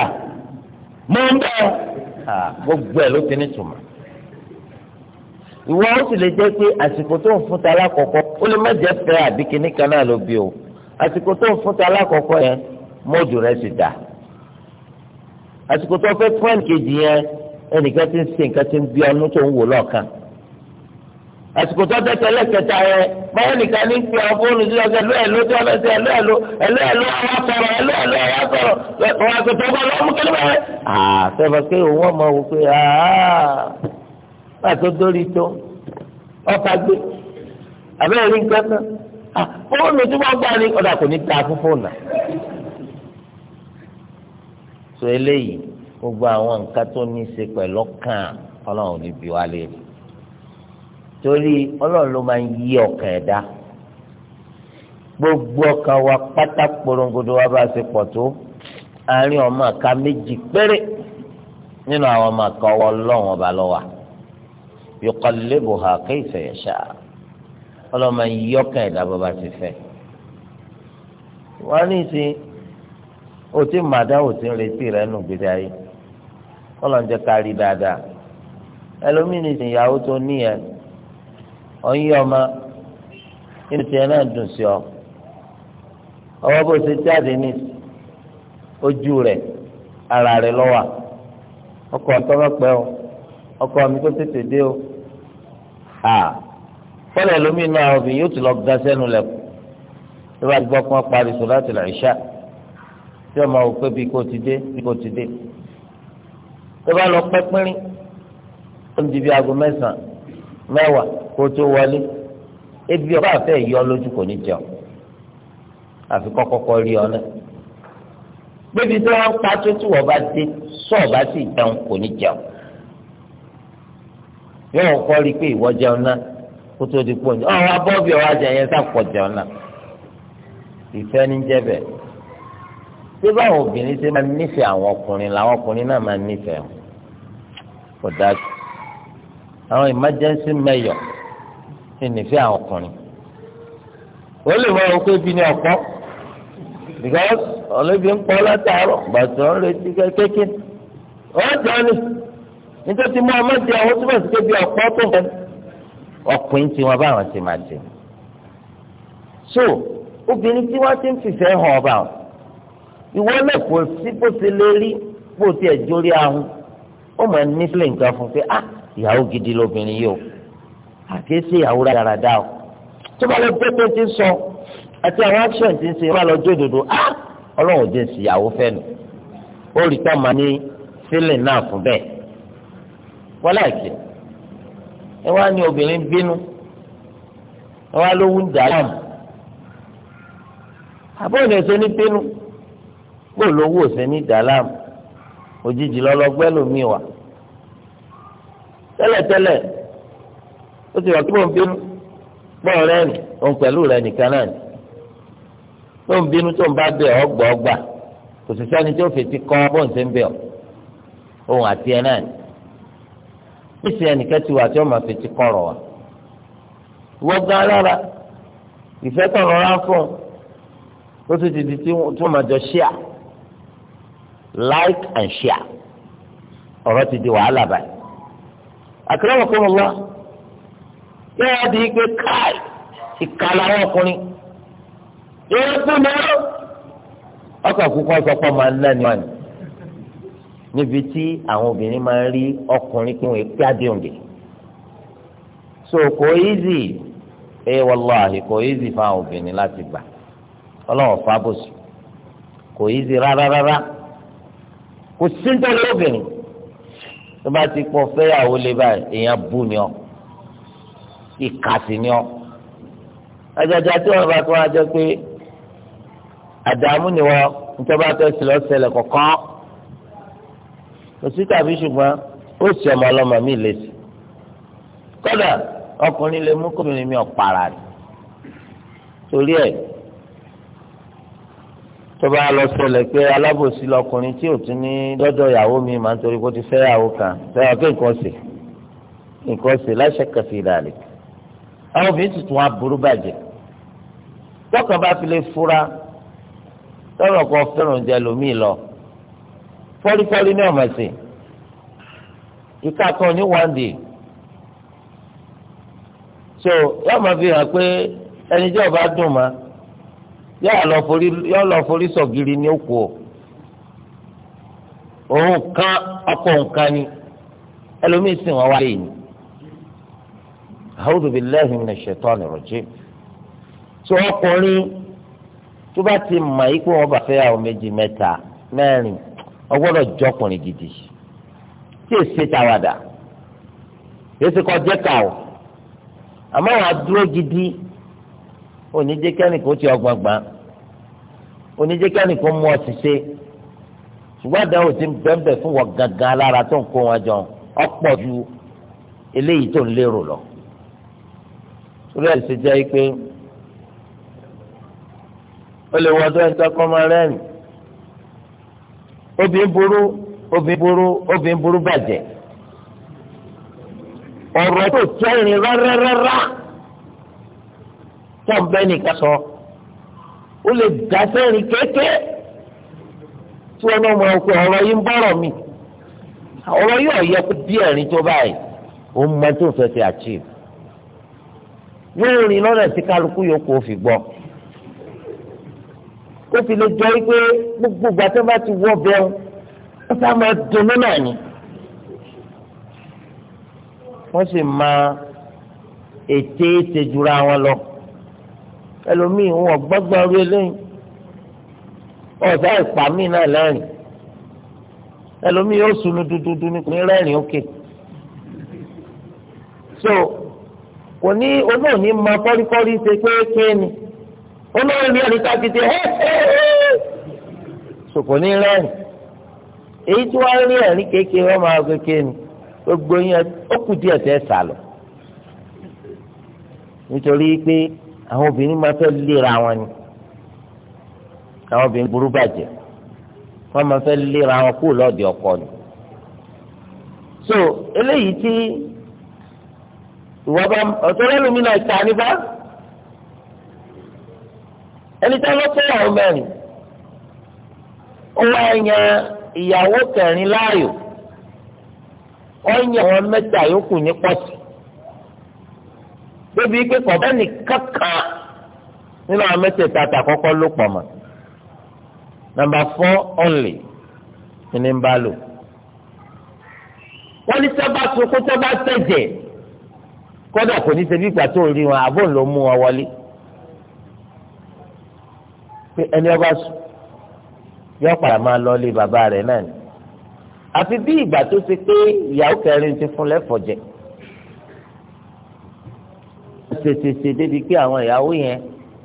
mọ́ ń bẹ̀ gbogbo ẹ̀ ló ti ní tùmọ̀ ìwọ ó sì lè jẹ́ pé àsìkò tó ń fúnta alákọ̀ọ́kọ́ ó lè má jẹ́ fẹ́ àbí kinní kan náà ló bí o àsìkò tó ń fúnta alákọ̀ọ́kọ́ yẹn mọ́ọ̀dù rẹ̀ sì dà àsìkò tó fẹ́ fún ẹnìkejì yẹn ẹnìkan ti ń ṣe nǹkan ti ń bí ọdún tó ń wò lọ́ọ̀kan àsìkò tó tẹ tẹlẹ kẹta yẹ báyọ̀ nìkan ní pé àwọn fóònù sí ọ̀sẹ̀ ẹ̀lú ẹ̀lú tí ọ̀sẹ̀ sí ẹ̀lú ẹ̀lú ẹ̀lú ẹ̀lú ọ̀wá sọ̀rọ̀ ẹ̀lú ẹ̀lú ọ̀wá sọ̀rọ̀ ọ̀wá sọ̀tọ̀ ọ̀gbọ̀n lọ́wọ́ mú kílíbà yẹ. àtẹ̀fẹ̀ pé òun ọmọ wò pé pàtó dórí tó ọ̀ka gbé àbẹ́rẹ́ rí nǹkan kan fóònù tí wọ́n gbà ní ọ̀dà kò ní ta fún fóònù so eléyìí gbogbo àwọn nǹkan tó ní í ṣe pẹ̀lú kàn ọlọ́run ò ní bí wá léèrè torí ọlọ́run ló máa ń yí ọkàn ẹ̀dá gbogbo ọkàn wa pátá porongodo wa bá ṣe pọ̀ tó àárín ọmọ àka méjì péré nínú àwọn ọmọ àka ọwọ́ ọlọ́run ọba lọ́wà yuqallibuha kayfa yasha ọlọ́run máa ń yí ọkàn ẹ̀dá bó bá ṣe fẹ́ wọ́n ní ìsìn òtí màdá òtí ń retí rẹ̀ nù gbèdé ayé ọlọ́run jẹ́ ká rí dáadáa ẹlòmíràn ìyàwó tó níyẹn ọyìn ọmọ inú tiẹ̀ náà dùn sí ọ ọwọ́ bó ṣe jáde ní ojú rẹ̀ ara rẹ̀ lọ́wọ́ ọkọ̀ ọ̀tọ́mọ̀pẹ́ o ọkọ̀ mi tó tètè dé o ha fọlẹ̀ lómi náà obìnrin yóò ti lọ ga sẹ́nu lẹ̀kọ́ tó bá gbọ́ pọ́n parí sọ láti là ìṣá tí ọmọ wò pé bí kò ti dé bí kò ti dé tó bá lọ pẹ́ pínrín ó ń di bí aago mẹ́sàn-án mẹ́wàá kó tó wọlé ebi ọba àfẹ yọ lójú kò ní jẹun àfi kọ́kọ́kọ́ rí ọ náà gbébi tí wọ́n pa tó tí wọ́n bá dé sọ́ọ̀ bá sì jẹun kò ní jẹun yóò kọ́ rí pé ìwọ jẹun náà kó tó di pọ́ǹjì ọ̀hún abọ́bí ọ̀hún ajá yẹn sàpọ̀ jẹun náà ìfẹ́ ní jẹ́bẹ̀ tí báwọn obìnrin ṣe máa nífẹ̀ẹ́ àwọn ọkùnrin làwọn ọkùnrin náà máa nífẹ̀ẹ́ wọn kò dájú àwọn emergency mayor, ti nífẹ̀ẹ́ àwọn ọkùnrin ó lè wá ọkọ ibi ní ọ̀pọ̀ because ọlọ́bí ń pọ́ látàárọ̀ gbàtọ́ ń retí kékeré ó jọ ni nítorí mú ọmọ di àwọn túbọ̀ sí kébi ọ̀pọ̀ tó ń bẹ ọkùnrin tí wọn ti máa jẹ so obìnrin tí wọn ti ń fìfẹ́ hàn ọba ọ ìwọ náà kò sí bó ti lè rí bó ti ẹ̀ jórí ahun ó mọ̀ ní fílẹ̀ nǹkan fún pé ah ìyàwó gidi lóbìnrin yìí o àkéésí ìyàwó dáradára o tó bá lọ pépé ti sọ àti àwọn action ti ń se bá lọ jódodo á ọlọ́run ò dé sí ìyàwó fẹ́ ó rí tán máa ní sílẹ̀ náà fún bẹ́ẹ̀ wọ́n láìpẹ́ ẹ wá ní obìnrin bínú ẹ wá ló wú dàlámù àbọ̀ ní ẹsẹ̀ ní bínú kó lówó tẹ́lẹ̀tẹ́lẹ̀ ó ti rà kí ló ń bínú gbọ́n rẹ nì òun pẹ̀lú rẹ nìkan náà nì tó ń bínú tó ń bá bẹ̀ ọ́ gbọ́ gbà kò sì sẹ́ni tó fi ti kọ́ bó ń ṣe ń bẹ̀ ọ́ òun àti ẹ̀ náà nì níṣẹ́ ẹnìkan ti wà tí wọ́n máa fi ti kọ̀rọ̀ wa wọ́n gan alára ìfẹ́ tó rọra fún ó tún ti di tí wọ́n máa jọ share like and share ọ̀rọ̀ ti di wàhálà báyìí akramakumullah yóò di pé káì ìkàlà àwọn ọkùnrin yóò kú náà ọkọ̀ kúkọ́ sọ pé ọmọ náà ni wọ́n níbi tí àwọn obìnrin máa ń rí ọkùnrin kí wọ́n pé àdéhùnde so kò easy ẹ wallahi kò easy fáwọn obìnrin láti gbà ọlọ́run fábòsì kò easy rárá rárá kò sí obìnrin tó bá ti pọ̀ fẹ́yàwó lé báyìí èèyàn bù ni ọ ìkàsì ni ọ ajajà tí wọn bá tó wá jẹ pé àdààmú ni wọn nítorí wọn fẹẹ sílọ ṣẹlẹ̀ kọ̀ọ̀kan òsì tàbí ṣùgbọ́n ó sì ọmọ ọlọ́mọ mi lè sí kódà ọkùnrin lè mú kóbìnrin mi ọ̀pára rẹ̀ torí ẹ̀ tó bá lọ ṣẹlẹ̀ pé alábòsí lọkùnrin tí ò tún ní dọ́dọ̀ ìyàwó mi máa ń torí kó ti fẹ́ ìyàwó kan sẹ́wọ́n pé nǹkan ṣe nǹkan ṣe láṣẹ kẹfì ìdàlẹ̀ àwọn obìnrin tuntun aburú bàjẹ́ tọkàn bá fi lè fura tọrọ kan fẹ́ràn oúnjẹ lòmíì lọ fọ́rífọ́rí ní ọ̀mọ̀ sí ìka kan ní one day so yọọ ma fi hàn pé ẹni dùn máa yóò lọ forí yóò lọ forí sọ̀gìrì ní òkú o òun kan ọkọ̀ nǹkan ni ẹlòmíì sì wọ́n wá lé ní. A'udhu billahi minash shaitani rajim. tí ọkùnrin tó bá ti mọ̀ yìí pé bá fẹ́ àwọn méjì mẹ́ta mẹ́rin ọgbọ́dọ̀ jọkùnrin gidi tí èsì tàwádà èsì kọjá kà ó àmọ́ wàá dúró gidi onídjékẹ́nìkó ti ọgbọ̀ngbà onídjékẹ́nìkó mú ọ̀sísé ṣùgbọ́n àdáwò ti ń bẹ́ńbẹ́ fún wọn gangan lára tó ń kó wọn jọ ọ̀pọ̀ ju eléyìí tó ń lérò lọ. torí ẹ̀ ṣe jẹ́ pé ó lè wọ́n tó ń tọ́kọ́ máa rẹ́rìn obìnrin burú obìnrin burú obìnrin burú bàjẹ́ ọ̀rọ̀ tó tẹ́rìn rárá rárá pọ̀ bẹ́ẹ̀ nìkan sọ ó lè dá sẹ́rìn kéèké tí wọn náà mọ ọkọ ọ̀rọ̀ yìí ń bọ̀rọ̀ mi ọ̀rọ̀ yìí ọ̀yẹ́ kó díẹ̀ rìn tó báyìí ó ń mọ tó fẹ́ ti achieve yóò rìn lọ́nà tí kálukú yòókù ó fi gbọ́ kó fi lè jọ pé gbogbo ìgbà bá ti wọ́ bẹ́ẹ̀ ó sá máa dunnú náà ni wọ́n sì máa ète ètè jura wọn lọ ẹlòmíì ń wọ gbọ́gbọ́n rí eléyìí ọ̀sá ìpà míì náà lẹ́rìn ẹlòmíì yóò sunu dúdúdú ní kò ní rẹ́rìn òkè so kò ní olóòní mọ kọ́ríkọ́rí ṣe kéékèé ni olóòní ẹ̀rí kákìtì ẹ́ ẹ́ ẹ́ so kò ní rẹ́rìn èyí tí wọ́n rí ẹ̀rí kéékèé wọ́n máa kéékèé ni gbogbo yẹn ó kù díẹ̀ tẹ́ sálọ nítorí pé àwọn obìnrin máa fẹ́ léra wọn ni àwọn obìnrin burú bàjẹ́ wọ́n máa fẹ́ léra wọn kú lọ́ọ̀dì ọkọ ni. so eléyìí tí ìwọ bá ọ̀tọ́ lẹ́lùmí náà ta níbà ẹni tá ló fẹ́ àwọn mẹ́rin ó wá yan ìyàwó kẹrin láàyò ó yan àwọn mẹ́ta yòókù ní pọ̀tù débi pé kọ̀bẹ́nì kankan nínú àwọn mẹ́tẹ̀ẹ̀ta àtàkọ́kọ́ ló pọ̀ mọ́ nàmbà fọ́ ọ̀nlẹ̀ ní ń bá lò wọ́n ní sábà sunkún sábà tẹ̀jẹ̀ kọ́dà kò ní ṣebí ìgbà tó rí wọn àbò ló mú wọn wọlé pé ẹni ọba sùn yọ padà máa lọ lé bàbá rẹ̀ náà ni àfi bí ìgbà tó ṣe pé ìyàwó kẹrin ti fún lẹ́fọ̀ọ́ jẹ ṣèṣèṣe débi pé àwọn ìyàwó yẹn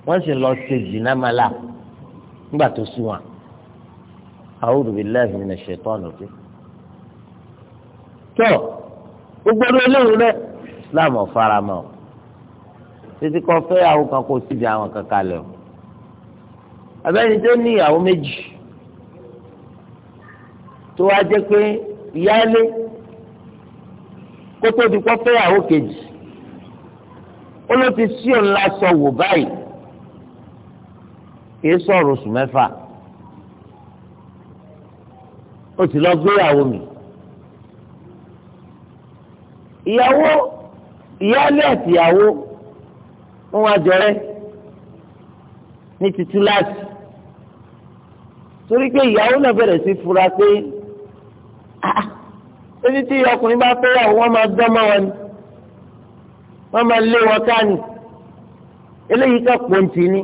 wọ́n sì lọ ṣe jìnnà máa là nígbà tó sùn wọn. a'udhu billahi minash shaitani rajim. tó o gbọ́dọ̀ eléyìí rẹ̀ islam ọ̀faramọ́ títí kan fẹ́ àwọn kan kó síbi àwọn kan kalẹ̀ o. abẹ́ni tó ní ìyàwó méjì tó wá jẹ́ pé ìyáálé kótó di kọ́ fẹ́ àwọn kejì ó ló ti sí òun lásọ wò báyìí kìí sọ̀rọ̀ oṣù mẹ́fà ó ti lọ gbéyàwó mi ìyàwó ìyáálé àtìyàwó ń wá jọrẹ ní títú láti torí pé ìyàwó náà bẹ̀rẹ̀ sí fura pé ah ẹni ah, tí ọkùnrin bá fẹ́ yàwó wọn máa dán mọ́ wọn ni wọ́n máa lé wọn káàní eléyìí ká pọ̀ǹtì ni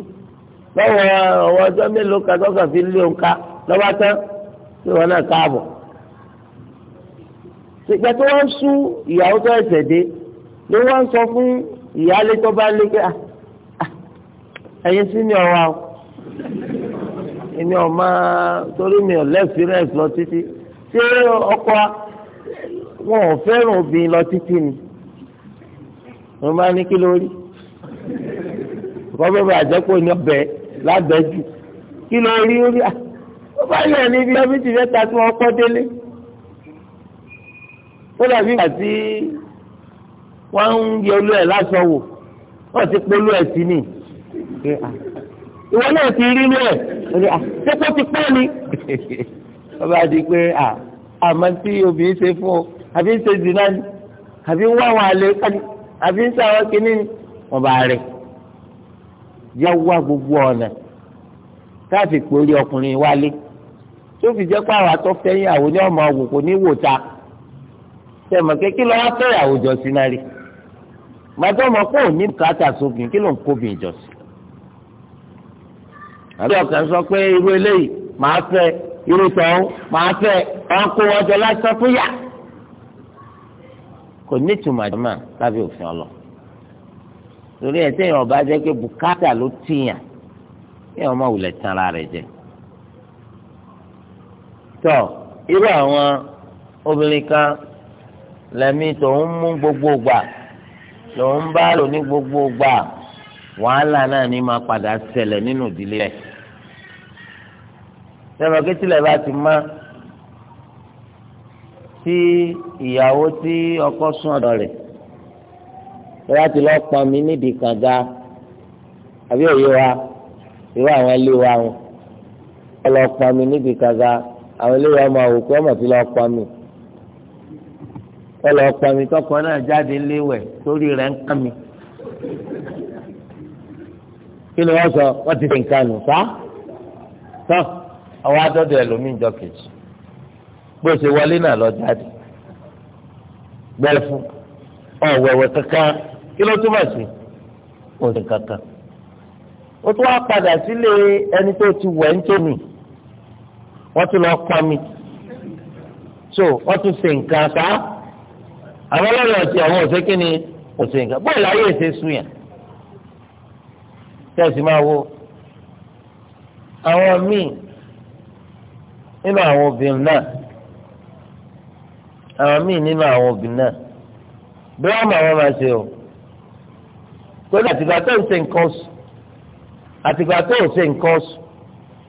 lọ́wọ́ ọ̀wọ́ ọjọ́ mélòó kan tọ́ka fi lé òun ká lọ́wọ́ tán tí wọ́n náà káàbọ̀. ìgbà tí wọ́n sú ìyàwó tó ẹ̀sẹ̀ dé ni wọ́n sọ fún ìyáálé tó bá lé ká ah, ah, ẹ̀yin sí ni ọ̀wá o èmi ọ̀ máa torí mi ò lẹ́ẹ̀fìrẹ́ǹsì lọ títí ṣé ọkọ wọn ò fẹ́ràn obìnrin lọ títí ni wọ́n bá ní kí lórí kọ́ bẹ́ẹ̀ bá àjẹpọ̀ ní ọbẹ̀ lábẹ́jù kí lórí ó rí à ah, ó bá yàn níbi ọbí ti fẹ́ ta tí wọ́n kọ́ délé ó dàbí ìgbà tí wọ́n ń yẹ olú ẹ̀ lásán wò wọ́n ti polú ẹ̀ sí ni ah, ìwọ náà ti rí inú ẹ̀ ah, ṣé kó ti pẹ́ ni wọ́n bá di pé àmọ́ tí obìnrin ṣe fún ọ àbí ṣe zìnnà ni àbí wọ́n wà lè kájú. àfi ń sáwọn kìíní wọn bá rí yá wá gbogbo ọ̀nà pòórí ọkùnrin wálé tó fi jẹ́ pé àwọn ní ọmọ ọ̀gùn kò ní wò ta tẹ̀mọ̀ kékeré wá fẹ́yàwó jọ sí náà rí ọmọ kò ní kàtà sóbìn kí ló ń àbí ọ̀kan sọ pé irú eléyìí màá fẹ́ irú tọ̀hún màá fẹ́ ọkọ̀ ọjọ́ fún kò ní ìtumọ̀ àjọmọ́ lábẹ́ òfin ọlọ torí ẹ̀ téèyàn bá jẹ́ pé bùkátà ló tìyàn téèyàn má wulẹ̀ tán ara rẹ̀ jẹ tọ irú àwọn obìnrin kan lẹ́mí tòun mú gbogbo gbà lòun bá lò ní gbogbo gbà wàhálà náà ní máa padà ṣẹlẹ̀ nínú ìdílé rẹ̀ sẹ́wọ̀n kí tilẹ̀ bá ti máa tí ìyàwó tí ọkọ sún ọ̀dọ̀ rẹ̀ bóyá ti lọ pọn mi nídìí kànga àbí òye wa irú àwọn ilé wa wọn ọlọ pọn mi nídìí kànga àwọn ilé wa máa wò pé ọmọ ti lọ pọn mi ọlọ pọn mi tọkọ náà jáde léwẹ̀ torí rẹ̀ ń kàn mi kí ni wọ́n sọ wọ́n ti fi nǹkan nù sá tán àwọn adọdọ ẹlòmíín jọ kejì bó ṣe wọlé náà lọ jáde gbẹfun ọ̀wẹ̀wẹ̀ kankan kí ló túmọ̀ sí òsì kankan ó tún wá padà sílé ẹni tó ti wẹ̀ ń tómi wọ́n tún lọ pa mi so wọ́n tún ṣe nǹkan ká àwọn ọlọ́run ọ̀sẹ̀ àwọn ọ̀sẹ̀ kí ni ọ̀sẹ̀ nǹkan bóyá láyé èsè sùn yẹn tẹ̀sí máa wo àwọn míì nínú àwọn obìnrin náà àwọn míì nínú àwọn obìnrin náà bí wọ́n mọ̀ wọ́n máa ṣe o torí àtìgbà tó ń ṣe nǹkan oṣù àtìgbà tó ń ṣe nǹkan oṣù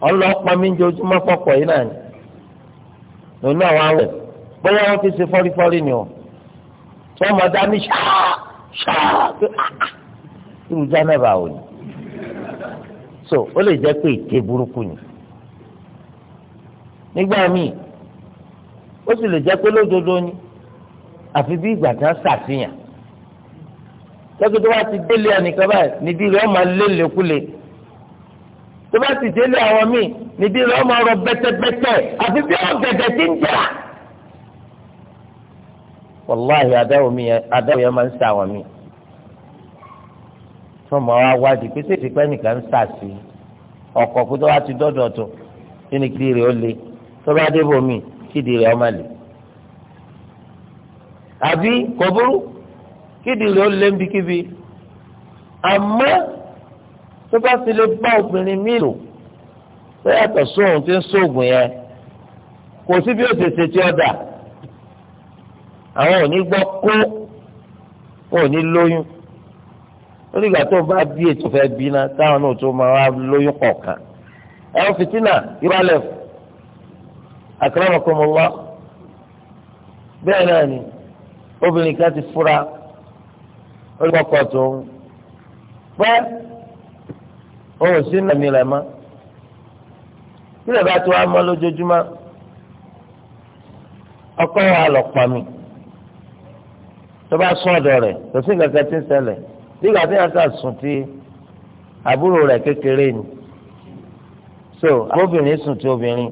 ọlọ́pàá mi ń jojúmọ́ pọ̀pọ̀ yìí náà ni lòun náà wá wẹ̀ bóyá wọ́n fi ṣe fọ́rífọ́rí ni o tí wọ́n mọ̀ dání ṣáá ṣáá pé ah, ah, irú jánàbà ò ní so ó lè jẹ́ pé ìké burúkú ni nígbà míì ó sì lè jẹ́ pé lódodo ni àfi bí ìgbà tí wọ́n ṣàfihàn tọ́kítọ́ bá ti délé ẹnìkan báyìí níbí rẹ̀ ọmọ lélẹ́kulè tó bá ti délé àwọn míì níbí rẹ̀ ọmọ rọ bẹ́tẹ́bẹ́tẹ́ àfi bí ọ̀gẹ̀dẹ̀ ti ń jà. wàláhì adáwò yẹn máa ń sa àwọn míì fọmọ wa wádìí pé tètè pẹ́ nìkan ń sà ọkọ̀ kó tó bá ti dọ́dọ̀ tó kí ni kiri rẹ̀ ó le tó bá dé bòmíì kídi rẹ̀ ọmọ lè àbí kò burú kídi rẹ̀ ó lé níbikíbi àmọ́ tó bá ti lè bá obìnrin míì lò tó yàtọ̀ sóhun tí ń sóògùn yẹn kò sí bí ó ṣe ṣe tí ó dà àwọn ò ní gbọ́ kó wọn ò ní lóyún lórí ìgbà tó bá bí ètò fẹ́ bí náà táwọn náà tó máa wá lóyún kọ̀ọ̀kan ẹ̀rọ fìtínà irọ́ lẹ́fù akramakumullah bẹ́ẹ̀ náà ni obìnrin kan ti fura olùkọ́kọ́ tó ń pẹ́ òun sí nàmì rẹ̀ mọ́ tí lè bá tó wá mọ́ lójoojúmọ́ ọkọ yẹn alọ̀ pa mi tó bá sún ọ̀dọ̀ rẹ̀ kò sí nǹkan tí ń ṣẹlẹ̀ nígbà tí yàtọ̀ sùn ti àbúrò rẹ̀ kékeré ni so obìnrin sùn ti obìnrin.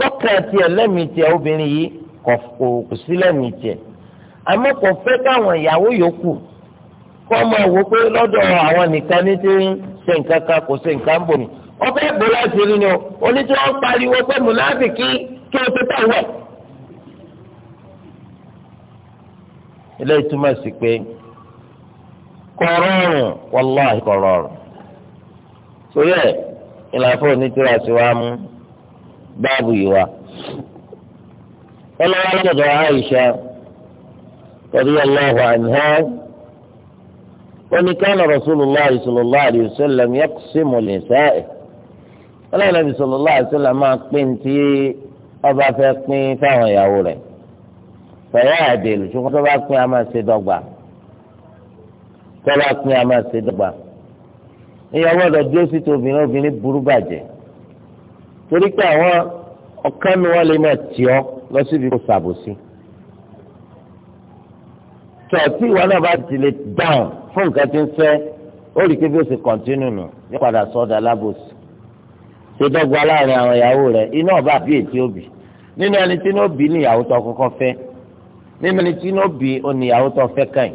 lọ́kàn tiẹ̀ lẹ́mìí tiẹ̀ obìnrin yìí kò sí lẹ́mìí tiẹ̀ àmọ́ kò fẹ́ káwọn ìyàwó yòókù pé lọ́dọ̀ àwọn nìkan ní ti ṣe nǹkan kan kò ṣe nǹkan bò ní. wọ́n fẹ́ láti rí ni o onítí wọ́n pariwo pé kí o wẹ̀. ilé ìtumọ̀ sí báàbù yìí wá. ọlọ́wọ́ àjọ̀dọ̀ àìṣà radiyallahu anha wọ́n kánà rasulillah sallallahu alayhi wa sallam yaqsimu lisa'ih ọlọ́wọ́ nàbì sallallahu alayhi wa sallam máa pín tí ọba fẹ́ pín fáwọn ìyàwó rẹ̀ fẹ̀yà àdèlù ṣùgbọ́n tó bá pín a máa ṣe dọ́gba tó bá pín a máa ṣe dọ́gba ìyàwó ọ̀dọ̀ dúró sí ti obìnrin obìnrin burú bàjẹ́ torí pé àwọn ọ̀kan ni wọ́n lè máa tì ọ́ lọ síbi kó ṣàbòsí tọ̀ tí ìwà náà bá ti lè dáhùn fún nǹkan tí ń fẹ́ ó rí i pé bí ó ṣe kọ̀ntínú nù yóò padà sọ́dà lábòsí ṣe dọ́gba láàrin àwọn ìyàwó rẹ̀ iná ọba àbí ètí òbí nínú ẹni tí ní òbí ni ìyàwó tó kọ́kọ́ fẹ́ nínú ẹni tí ní òbí ó ní ìyàwó tó fẹ́ kàn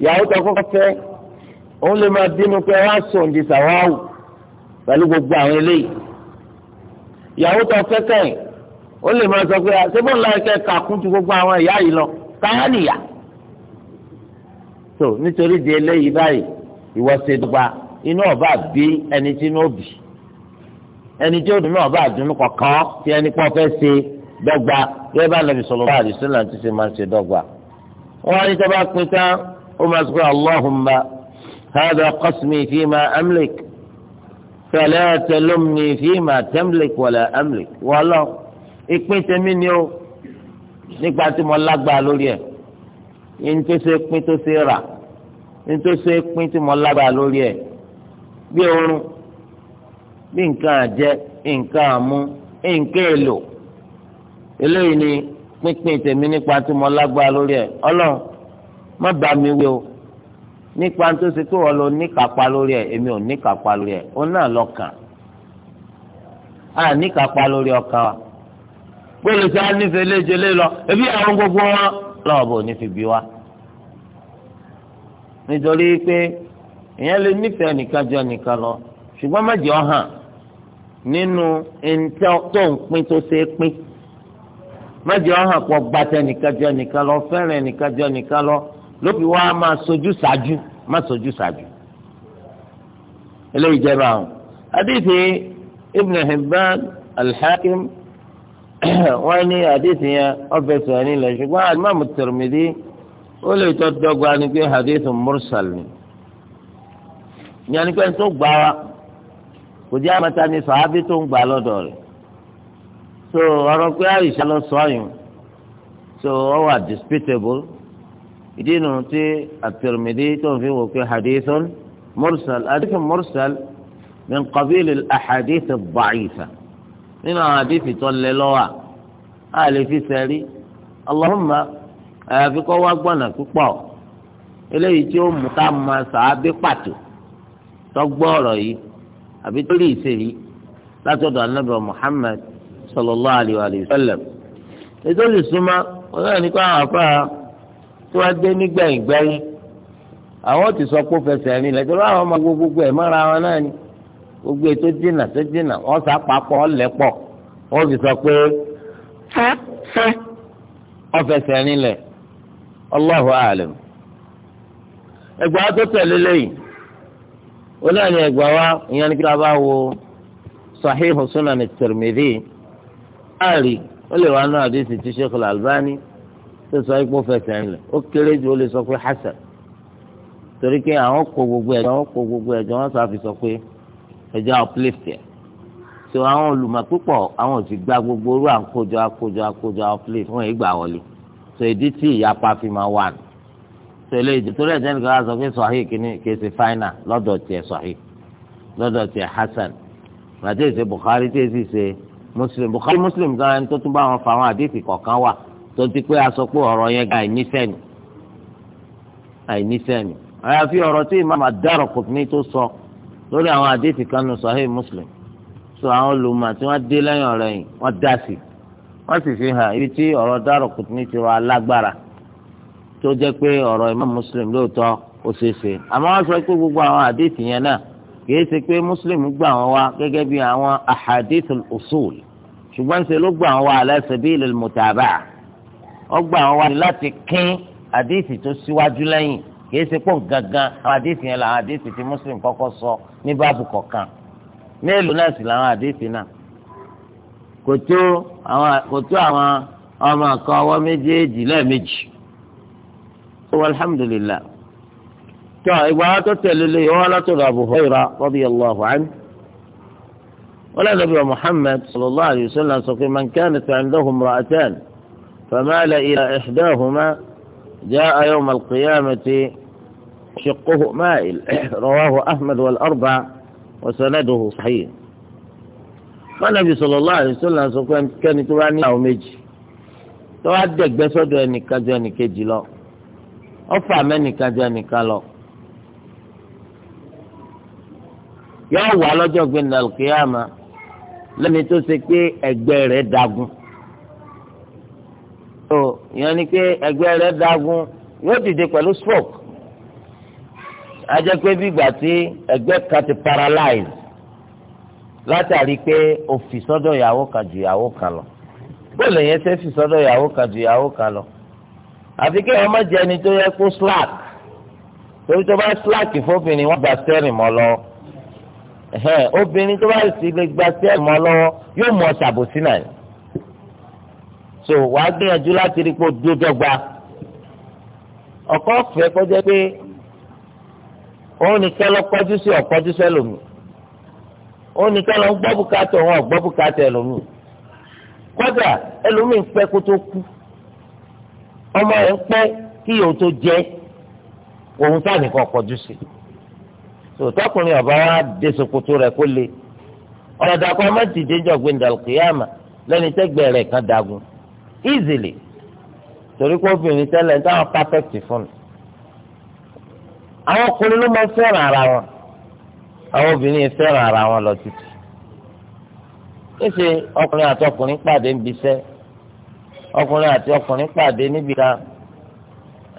ìyàwó tó kọ́kọ́ fẹ́ òun lè máa bínú pé wọ́n á sọ pẹ̀lú gbogbo àwọn eléyìí ìyàwó tó fẹ́ kẹ́yìn ó lè máa sọ pé àṣebó ńlá ẹ̀kẹ́ kàkún ju gbogbo àwọn ìyá yìí lọ káyà nìyà tó nítorí di eléyìí báyìí ìwọ ṣe dùgbà inú ọba bí ẹni tí inú òbí ẹni tí ó dùn náà ọba àdùnnú kọ̀ọ̀kan tí ẹni pọ̀ fẹ́ ṣe dọ́gba bẹ́ẹ̀ bá nàbì sọ̀rọ̀ bá àdìsí náà ti ṣe máa ṣe dọ́gba. wọ́n á ní tó bá pin tán ó máa sọ pé allahumma hada qasmi fi ma amlik fẹlẹ tẹlómi fíìmà tẹmílẹkì wọlé amílẹkì wọlọ ìpín tèmi ni o nígbà tí mo lágbàá lórí ẹ ní tó ṣe pín tó ṣe rà ní tó ṣe pín tí mo lágbàá lórí ẹ bí oorun bí nǹkan àjẹ nǹkan àmú nǹkan èlò eléyìí ni pínpín tèmi nípa tí mo lágbàá lórí ẹ Ọlọ́run má bá mi wí o. nípa tó ṣe pé wọ́n lọ níkàpá lórí ẹ̀ èmi ò níkàpá lórí ẹ̀ òun náà lọ́kàn á níkàpá lórí ọkàn wa lọ ebi àwọn gbogbo wọn lọ́wọ́ bò ní fi bí wa nítorí pé èèyàn lè nífẹ̀ẹ́ nìkan lọ ṣùgbọ́n má jẹ́ ọ nínú ntẹ tó ń pín tó ṣe é pín má jẹ́ lọ nìkan jọ nìkan lọ. lóbi wá máa sojú ṣáájú má sojú ṣáájú eléyìí jẹba àwọn hadithi ibn hibban alḥakim [CLEARS THROAT] wọn ní hadithi yẹn ọbẹ sọ ní ilẹ ṣùgbọ́n alimami tirmidhi ó lè tọ́ dọ́gba ni pé hadithi mursal ni ìyànnípẹ́ tó gbà wá kò jẹ́ àmọ́ta ni sàábí tó ń gbà lọ́dọ̀ rẹ̀ so ọ̀rọ̀ pé àyíṣà lọ sọ yìí so ó wà disputable ìdí nu tí àtìrìmìdì tó ń fi wò pé hadithun mursal hadithun mursal min qabil al-ahadith ad-da'ifa nínú àwọn hadith tó lé lọ́wọ́ a lè fi sẹ́rí allahumma àyàfi kọ́ wá gbọ́nà púpọ̀ eléyìí tí ó mú ká máa sàábé pàtó tọ́gbọ́ ọ̀rọ̀ yìí àbí tó rí ìṣèlú látọ̀dọ̀ anábìyàn muhammad sallallahu alayhi wa sallam ètò ìsúnmọ́ ọ̀rẹ́ nípa àwọn afárá. tí wọ́n dé nígbẹ̀yìn àwọn ti sọ pé fẹsẹ̀ rìn lẹ́tọ́ láwọn ọmọ gbogbo ẹ̀ mọ́ra wọn náà ni gbogbo ètò dínà tó dínà wọ́n sá papọ̀ ọ̀lẹ́pọ̀ wọ́n ti sọ pé rìn lẹ̀ tó tẹ̀lé lẹ́yìn ó náà ní wa ìyẹn ní kí wọ́n bá wo Sahihu Sunan ó lè wá náà tó sọ ipò fẹsẹ̀ ńlẹ̀ ó kéré jù ó lè sọ pé hasan torí pé àwọn kó gbogbo ẹ̀jọ̀ àwọn kó gbogbo ẹ̀jọ̀ wọn sàfi sọ pé ẹ̀jọ̀ uplift ẹ̀ tó àwọn olùmọ̀ púpọ̀ àwọn ò sì gba gbogbo orú àkójọ àkójọ àkójọ uplift wọn ìgbà wọlé tó ìdí tí ìyapa fi máa wà nù tó ilé ìdí torí ẹ̀jẹ̀ nìkan sọ pé sọ̀hí kìíní kìí ṣe fáínà lọ́dọ̀ tiẹ̀ sọ̀hí lọ́dọ̀ tiẹ̀ hasan gbàtẹ́ ìṣe Bukhari tẹ́ ìṣe Muslim Bukhari Muslim gan-an tó tún bá wọn fa àwọn àdéhìí kọ̀ọ̀kan wà tó ti pé aṣọ pé ọ̀rọ̀ yẹn gan àìníṣẹ́ni àìníṣẹ́ni àyàfi ọ̀rọ̀ tí imam ad-Daraqutni tó sọ lórí àwọn àdéhìí kan nù Sahih Muslim sọ àwọn olùmọ̀ tí wọ́n dé lẹ́yìn ọ̀rọ̀ yìí wọ́n dá sí wọ́n sì fi hàn ibi tí ọ̀rọ̀ Daraqutni ti rọ alágbára tó jẹ́ pé ọ̀rọ̀ imam Muslim lóòótọ́ ó ṣeé ṣe àmọ́ wọ́n sọ pé gbogbo àwọn àdéhìí yẹn náà kìí ṣe pé Muslim gbà wọn wá gẹ́gẹ́ bí àwọn ahadithul ṣùgbọ́n ṣe ló gbà wọn wá ala sabilil mutaba'a ọgbà àwọn wa ni láti kín àdéhìsì tó síwájú lẹ́yìn kìí ṣe pọ̀ gangan àwọn àdéhìsì yẹn làwọn àdéhìsì tí muslim kọ́kọ́ sọ ní báàbù kọ̀ọ̀kan mélòó náà sì làwọn àdéhìsì náà kò tó àwọn ọmọ kan ọwọ́ méjèèjì lẹ́ẹ̀mejì alhamdulillah tó ìgbà wọn tó tẹ̀lé lé wọn látọ̀dọ̀ Abu Huraira anhu Muhammad فمال إلى إحداهما جاء يوم القيامة شقه مائل [COUGHS] رواه أحمد والأربع وسنده صحيح فالنبي صلى الله عليه وسلم سكن كان تواني أو ميجي توعدك بسود أني يعني كجاني يعني كجلا أفع مني كجاني يعني كلا يوم على جوك من القيامة لن تسكي أجبري داغو so ìyẹn ni pé ẹgbẹ́ rẹ̀ dagun yóò dìde pẹ̀lú stroke ajẹ́ pé bí ìgbà tí ẹgbẹ́ kan ti paralyze látàrí pé o fi sọ́dọ̀ ìyàwó kan ju ìyàwó kan lọ bóòlù lèyẹn ṣe fi sọ́dọ̀ ìyàwó kan ju ìyàwó kan lọ àfi kí ẹ má jẹ ẹni tó yẹ kó slack torí tó bá slack fóbìnrin wọn gba steering mọ́ obìnrin tó bá sì lè gba steering yóò mọ ṣàbòsí náà. so wàá gbìyànjú láti rí kó dúró dọ́gba ọkọ fẹ́ kọjá pé òun nìkan lọ kọjú sí ọkọjú sẹlómi òun nìkan lọ gbọ́ bùkátà òun ọ̀gbọ́ bùkátà ẹlòmíì kọjá ẹlòmíì ń pẹ́ kó tó kú ọmọ rẹ̀ ń pẹ́ kí òun tó jẹ́ òun sáà nìkan kọjú sí so tọkùnrin ọba wa dé ṣòkòtò rẹ̀ kó le ọ̀rọ̀ dàkọ́ ọmọ ti dé jọ̀gbìn dàlùkìyàmà lẹ́ni tẹ́gbẹ̀ẹ́ rẹ̀ kan dagun easily torí pé obìnrin tẹ́lẹ̀ táwọn perfect fún mi àwọn ọkùnrin ló máa fẹ́ràn ara wọn àwọn obìnrin yẹn fẹ́ràn ara wọn lọ títí níṣẹ́ ọkùnrin àti ọkùnrin pàdé ń bisẹ́ ọkùnrin àti ọkùnrin pàdé níbi kan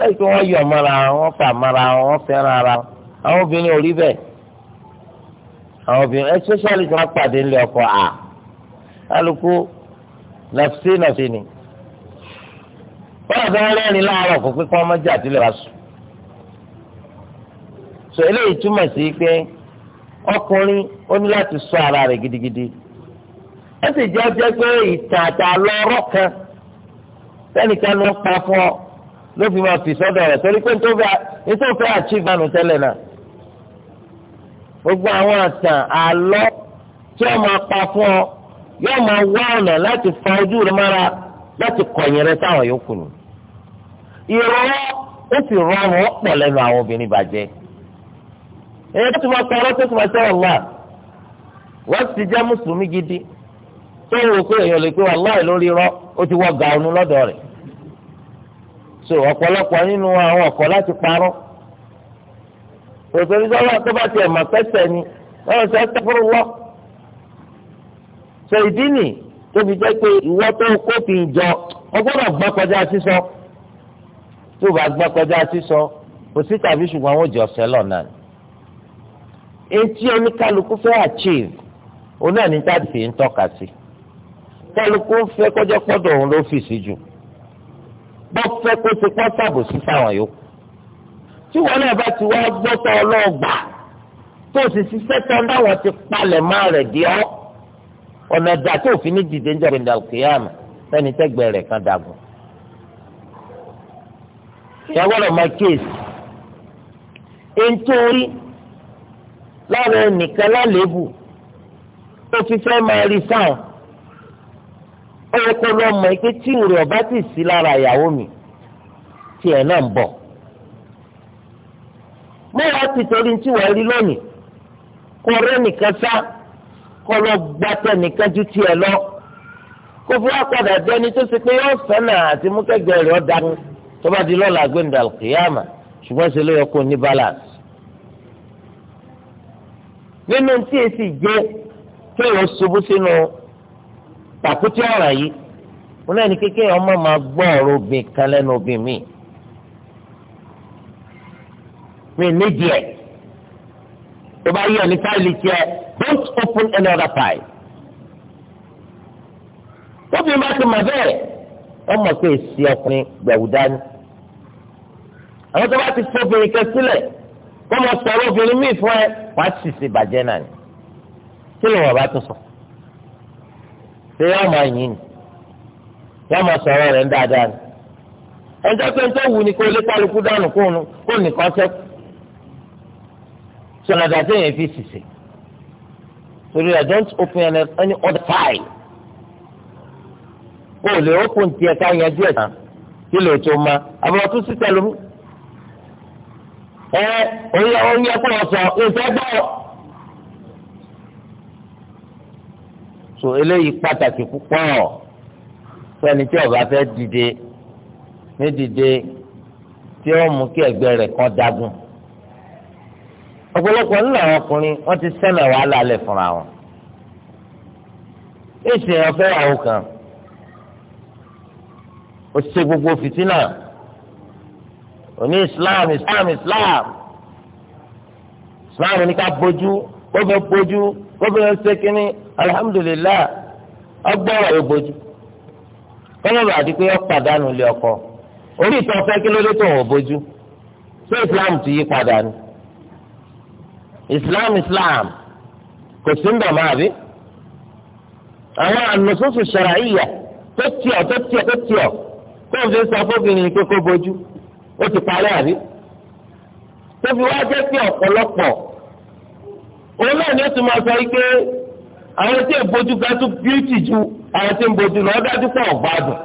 ẹ̀ kí wọ́n yọ̀ mọ́ra wọn wọ́n fà mọ́ra wọn wọ́n fẹ́ràn ara wọn àwọn obìnrin ò rí bẹ́ẹ̀ àwọn obìnrin especially tí wọ́n pàdé ńlẹ̀ ọkọ̀ à kálukú nàfṣí nàfṣí ni wọ́n lọ sọ rẹ́rìn láàárọ̀ fún pé kí wọ́n má jẹ́ àtúlẹ̀ wá sùn. sọ eléyìí túmọ̀ sí pé ọkùnrin ó ní láti sọ ara rẹ̀ gidigidi. ó sì jẹ́ jẹ́ pé ìtàn àtà lọ́rọ̀ kan sẹ́nìkan ló pa fún ọ ló fi máa fi sọ́dọ̀ rẹ̀ torí pé nítorí fẹ́ achieve ànú tẹ́lẹ̀ náà. gbogbo àwọn àtàn àlọ́ tí wọ́n máa pa fún ọ yóò máa wá ọ̀nà láti fa ojú rẹ̀ mára. láti kọ̀yìn rẹ sáwọn yòókù nù. ìrọ̀rọ̀ ó sì rọrùn ọ̀pọ̀ lẹ́nu àwọn obìnrin bàjẹ́ èyí tó ti máa kọ́ ọ́ tó ti máa sẹ́wọ̀n wà wọ́n ti jẹ́ mùsùlùmí gidi tó wò pé èèyàn lè pé wà láì lórí rọ́ ó ti wọ́ gàùnù lọ́dọ̀ rẹ̀ so ọ̀pọ̀lọpọ̀ nínú àwọn ọ̀kọ́ láti parọ́ òtòrí sọ́wọ́ tó bá tiẹ̀ mọ̀ pẹ́sẹ̀ ni wọ́n lọ tó fi jẹ́ pé ìwọ tó kófin jọ o gbọ́dọ̀ gbọ́ kọjá sísọ tó bá gbọ́ kọjá sísọ kò sí tàbí ṣùgbọ́n àwọn òjò ọ̀sẹ̀ lọ́nà ni. etí oníkálukú fẹ́ achieve òun náà ní táàdì fi ń tọ́ka sí kálukú fẹ́ kọjá pọ́dọ̀ òun ló fi sí jù bọ́ fẹ́ kó ti pọ́ sàbòsí sáwọn yòókù tí wọn náà bá ti wá gbọ́tọ̀ ọlọ́ọ̀gbà tó sì ṣiṣẹ́ tán dáwọn ti palẹ̀ máa rẹ̀ di ọ́ ọ̀nà ẹ̀dá tí òfin ní dìde ń jọ̀rọ̀ ìdàkìyàmù sẹ́ni tẹ́gbẹ́ rẹ̀ kan dàgùn. ìyá gbọ́dọ̀ máa kíyèsí nítorí lára ẹnìkan lálébù ó fi fẹ́ máa rí sáwọn ó yẹ kó lọ mọ ike tí ìrè ọba ti sí lára ìyàwó mi tí ẹ̀ náà ń bọ̀. mẹ́wàá ti torí tí wọ́n rí lónìí kó nìkan sáà kọlọ gbàtẹ nìkan ju tiẹ̀ lọ kó fún wa padà dẹni tó ṣe pé yóò sọnà àti mú kẹgbẹ rẹ ọdà ń tó bá di lọ́la gbẹ̀ndà kìyàmà ṣùgbọ́n ṣe ló yẹ kó ní balance. nínú tí èsì jẹ́ kéèyàn ṣubú sínú pàkútí ọ̀ràn yìí wọn náà ní ọmọ máa gbọ́ ọ̀rọ̀ obìnrin kan lẹ́nu obìnrin mi. mi nídìí ẹ̀ tó bá yọ ní fáìlì tiẹ̀ don't open another file. tóbìnrin bá ti mọ̀ bẹ́ẹ̀ wọ́n mọ̀ pé èsì ọkùnrin gbẹ̀wù dání. àwọn tó bá ti fọ obìnrin kẹ sílẹ̀ kó mọ sọ̀rọ̀ obìnrin míì fún ẹ wàá sì ṣe bàjẹ́ náà ni. kí ló wọ́n bá tún sọ? ṣé yóò máa yìn ni? yóò máa sọ̀rọ̀ rẹ̀ ń dáadáa ni? ẹjọ́ pé ń tó wù ní kó lé kálukú dánù kóònù kóònù kan sẹ́kù sọ̀nà dàtẹ́ yẹn fi ṣiṣẹ́ torí rẹ̀ don't open any other file o oh, lè open tiẹ̀ ká yanjú ẹ̀ tán kí lè tó ma àbúrò tún sí tẹ̀lé mi ẹ oyè oyè kó sọ ìfẹ́ gbọ́ so eléyìí pàtàkì púpọ̀ fẹ́ni tí ọba fẹ́ dìde ní dìde tí ó mú kí ẹgbẹ́ rẹ̀ kan dágùn ọ̀pọ̀lọpọ̀ nínú àwọn ọkùnrin wọ́n ti sẹ́nà wàhálà lẹ̀ fúnra wọn. èsì èèyàn fẹ́ àwọn kan ó ṣe gbogbo fìtínà òní islam islam islam islam ní ká bójú ó fẹ́ bójú ó fẹ́ ṣe kínní alihamudulilayi ọgbọ́n ẹ̀ bójú kọ́lọ́bù àti pé ó pàdánù lé ọkọ orí ìtàn kí ló dé tó ń bójú ṣé islam ti yí padà ni islam islam kò sí ń bọ̀ máa bí àwọn ànùsùsù ṣàràyíyà tó tiọ̀ tó tiọ̀ tó tiọ̀ tó ń fi sọ fóbìnrin pé kó bójú ó ti parí àbí tó fi wá jẹ́ pé ọ̀pọ̀lọpọ̀ òun náà ni ó ti máa sọ yìí pé àwọn tí ń bójú ga bíútì ju àwọn tí ń bójú lọ dájú pọ̀ ọ̀gbádùn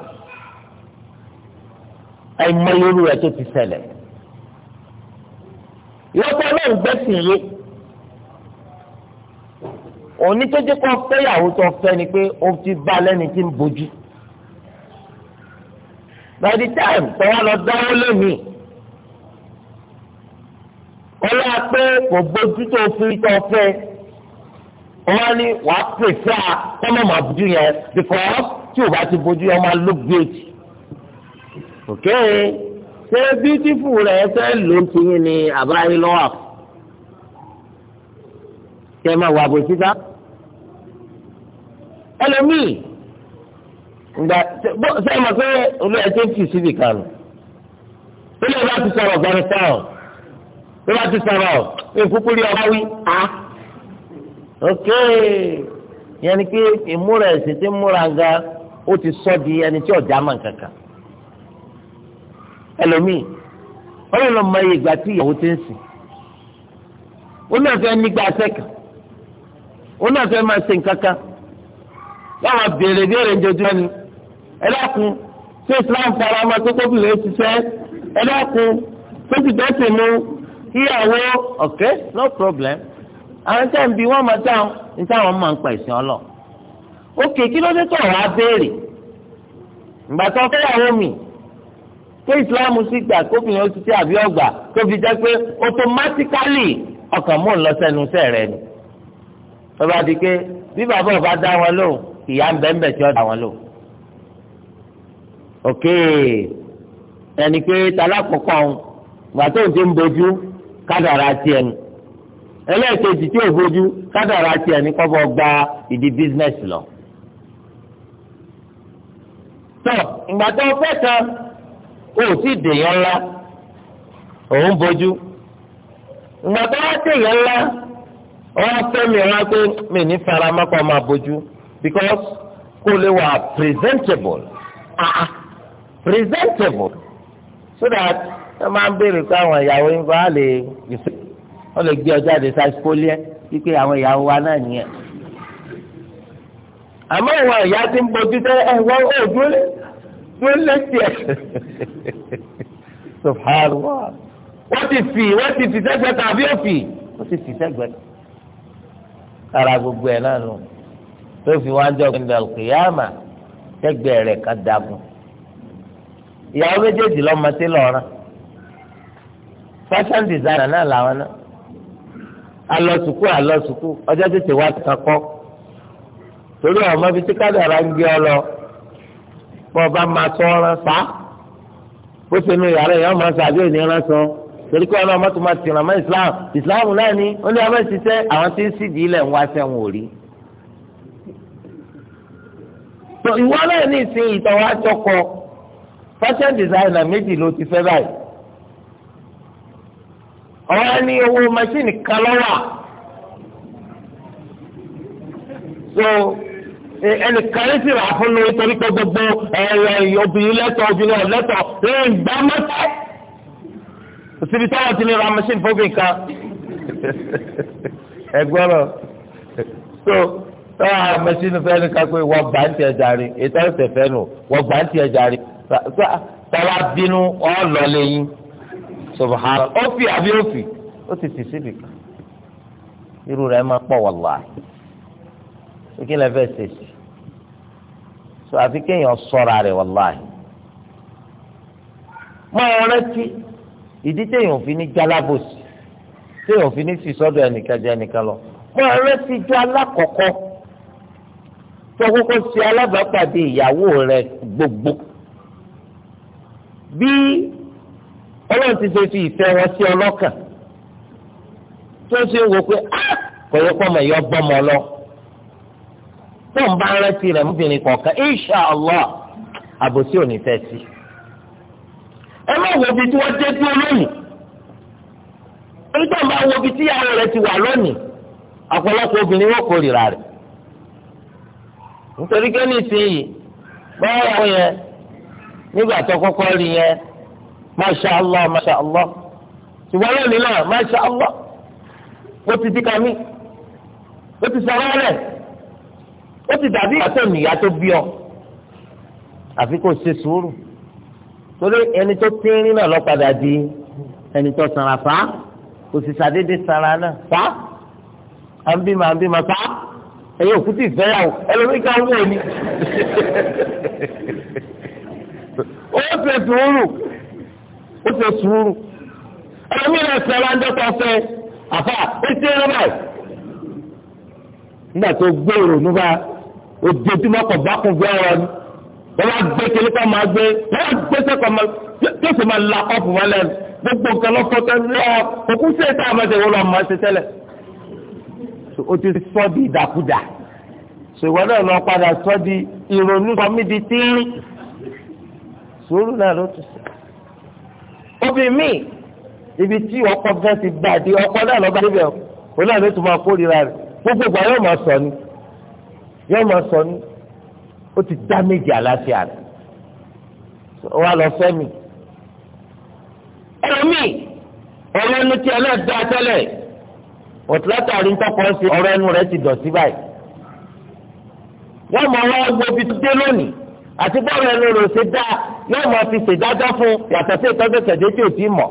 àìmọye irú rẹ̀ tó ti ṣẹlẹ̀ ìwọ́pọ̀ náà ń gbẹ́sìn yìí òní tó jẹ́ kó fẹ́yàwó tó fẹ́ ni pé ó ti bá lẹ́ni tí ń bójú by the time tọ́wọ́ lọ dáwọ́ lónìí ọlọ́wà pé kò bójú tó fi tó fẹ́ wọ́n ní wàá pèsè à kọ́mọ̀ máa bójú yẹn because tí o bá ti bójú yẹn máa look great ok ṣé beautiful rẹ̀ fẹ́ ló ń tiyín ni àbáyé lọ́wọ́ kẹ́ ẹ máa wà bó síta ẹlòmíì ìgbà sẹ́yìn mọ̀ pé olú ẹ̀ tó ń fi síbì kan nù ilé ìbá ti sọ̀rọ̀ ọ̀gbọ́n sáà tó bá ti sọ̀rọ̀ ìkúkú rí ọba wí á. ok yẹn ni pé ìmúra ẹ̀sìn tí múra ga ó ti sọ di ẹni tí ọ̀já mọ̀ kankan ẹlòmíì ọlọ́run mọ iye ìgbà tí ìyàwó ti ń sìn ó náà fẹ́ nígbà sẹ́kàn ó náà fẹ́ máa ṣe nǹkan láwọn béèrè béèrè jọjọ ni ẹ dákun ṣé islam fara mọ́ tó tóbi lè ṣiṣẹ́ ẹ dákun tó ti tẹsí mu ìyàwó ok no problem àwọn tẹ̀ ń bi wọ́n máa dáhùn ní táwọn máa ń pa ìsìn ọlọ ok kí ló dé tó wàá béèrè ìgbà tó fẹ́yàwó mi pé islam sì gbà kófìyàn ó ti tẹ àbí ọgbà tó fi jẹ́ pé automatically ọkàn mò ń lọ sẹ́nu sẹ́rẹ̀ ni tọ́ba di pé bí bàbá ọba dá wọn lóhùn ìyá ń bẹ́ẹ̀ tí ó dà wọ́n lò. òkè ẹni pé talákọ̀ọ́kọ́ ọ̀hún gbà tó ń ti ń bojú kádàrá tiẹ̀ nù ẹlẹ́ẹ̀kejì tí ò bojú kádàrá tiẹ̀ ní kọ́bọ̀ gba ìdí bísínẹ́sì lọ. tọ́ ìgbà tó fẹ́ kan kò tí ì dèèyàn ńlá òun bojú ìgbà tó wá dèèyàn ńlá wọ́n fẹ́ mi rán pé mi ní faramọ́kọ́ máa bojú because kó lè wà presentable ah presentable so that ẹ máa ń béèrè pé àwọn ìyàwó yín bá lè wọ́n lè gbé ọjà àdéhùn sáà kólé ẹ wípé àwọn ìyàwó wa náà nìyẹn àmọ́ ìwọ ìyá ti ń bójú tẹ ẹ wọ́n ò dúró lé dúró lé tiẹ̀ [LAUGHS] subhanallah wọ́n ti fi wọ́n ti fi sẹ́gbẹ̀ẹ́ tàbí òfì wọ́n ti fi sẹ́gbẹ̀ẹ́ kára gbogbo ẹ̀ náà nù. No tó fi wá jọ gbẹndẹ kìyàmà tẹgbẹ rẹ ká ìyàwó méjèèjì lọ máa ti fashion designer náà làwọn náà alọ sùkú alọ sùkú ọjọ́ tètè wá torí ọmọ bíi tí ń gbé ọ lọ ọba máa tọ́ ọ̀ràn sá bó ṣe nu yàrá ìyá ọmọ sá àbí ènìyàn torí ọlọ́mọ tó máa Islam Islam náà ni ó ní ọmọ ìṣiṣẹ́ àwọn tí ń tó ìwọ náà ní ìsìn ìtọ́wá àjọkọ fashion designer méjì ló ti fẹ́ báyìí ọ̀rọ̀ ní owó machine kan lọ́wọ́ so ẹnìkan ní ti rà fún mi torí pé gbogbo ẹ̀rọ obìnrin lẹ́tọ̀ obìnrin ọ̀lẹ́tọ̀ lórí ìgbà mọ́tẹ́ òsibí táwọn ti lè ra machine fún mi kan [LAUGHS] ẹgbẹ́ rẹ̀ so tọ́wọ́ ah, àmọ́sínú fẹ́ẹ́ ní kápé wọ́n gbà ń tiẹ̀ jàre ètò ẹ̀sẹ̀ fẹ́ o wọ́n gbà ń tiẹ̀ jàre tọ́wọ́ bínú ọ̀lọ́ lẹ́yìn subahana ó fi àbí ó fi ó ti tì síbi kan irú rẹ̀ máa pọ̀ wàlá kí lè fẹ́ ṣe sí so àfi kéèyàn sọ́ra rẹ̀ wàlá máa rántí ìdí téèyàn fi ní jálábòsì téèyàn fi ní sísọ́dọ̀ ẹnìkan jẹ́ ẹnìkan lọ máa rántí ju alákọ̀ọ́kọ́. kó kókó ṣe alábàápàdé ìyàwó gbogbo bí ọlọ́run ti ṣe fi ìfẹ́ wọn sí ọlọ́kàn tó ṣe ń wo pé ah, kọ̀yọ́ pọ̀ mọ̀ ẹ̀yọ́ gbọ́mọ lọ tó ń bá rántí rẹ̀ mọ́bìnrin kọ̀ọ̀kan insha allah àbòsí ò ní fẹ́ sí ẹ má wo ibi tí wọ́n dé lónìí wo ibi tí ìyàwó ti nítorí pé nísìnyí báwo yẹn nígbà tó kọ́kọ́ rí yẹn masha allah masha allah ṣùgbọ́n lónìí náà masha allah ó ti di kàmí ó ti sọ̀rọ̀ rẹ̀ ó ti dàbí ìyàtọ̀ nìyà tó bí ọ àfi kò ṣe sùúrù torí ẹni tó tínrín náà lọ́padà di ẹni tó sanra fa kò sì ṣàdédé sanra náà fa àǹbímọ àǹbímọ fa ẹ̀yin òkú ti fẹ́ yàwó ẹlòmíì ká wọ̀ ni. ó ṣe sùúrù ó ṣe sùúrù ẹlòmíì náà ṣe aláǹdọ́tọ̀ fẹ́ àfà ó ṣe é lọ́bàá nígbà tó gbé ìrònú bá ojoojúmọ́ kọ̀ bá kún gbẹ́ ọ̀rọ̀ ni wọ́n bá gbé kele kọ́ máa gbé wọ́n bá gbé sẹ́kọ̀ máa tó sì máa la kọ́ọ̀fù wọn lẹ́nu gbogbo nǹkan lọ́kọ̀ọ́tẹ́ lọ́ọ́ òkú sí ètò àmọ́tẹ́ wọn lọ́ọ́ máa ṣe tẹ́lẹ̀ ó ti sọ di ìdàkudà ṣùgbọ́n náà lọ padà sọ di ìrònú sọmí di tíírín sùúrù náà ló tún sọ. obìnrin míì ibi tí ọkọ gan ti gbà di ọkọ náà lọ́ba níbẹ̀ òun náà ló tún máa kórìíra rẹ̀ gbogbo ìgbà yóò máa sọ ni yóò máa sọ ni ó ti dá méjì àlàáfíà rẹ̀ wà lọ fẹ́ mi. ẹlòmíì ọ̀rọ̀ ẹnu tí ẹ náà dá tẹ́lẹ̀. otu lati sí ọ̀rọ̀ ẹnu rẹ̀ ti dọ̀tí báyìí wọ́n bai. ya gbọ́ ibi dé lónìí àti bọ́ọ̀lù ẹnu rẹ̀ ṣe dá yóò fi ṣèdájọ́ fún yàtọ̀ sí ìtọ́jú ìṣẹ̀dẹ́ tí ò tí mọ̀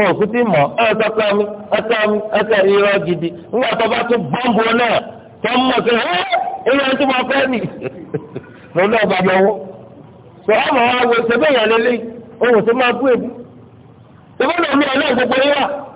ọ̀ kú tí mọ̀ ọ̀ tọ́kọ mi ọ̀tọ́ mi ọ̀tọ́ irọ́ gidi ńgbà tó bá tún bọ́ǹbù náà tó ń mọ̀ sí [LAUGHS]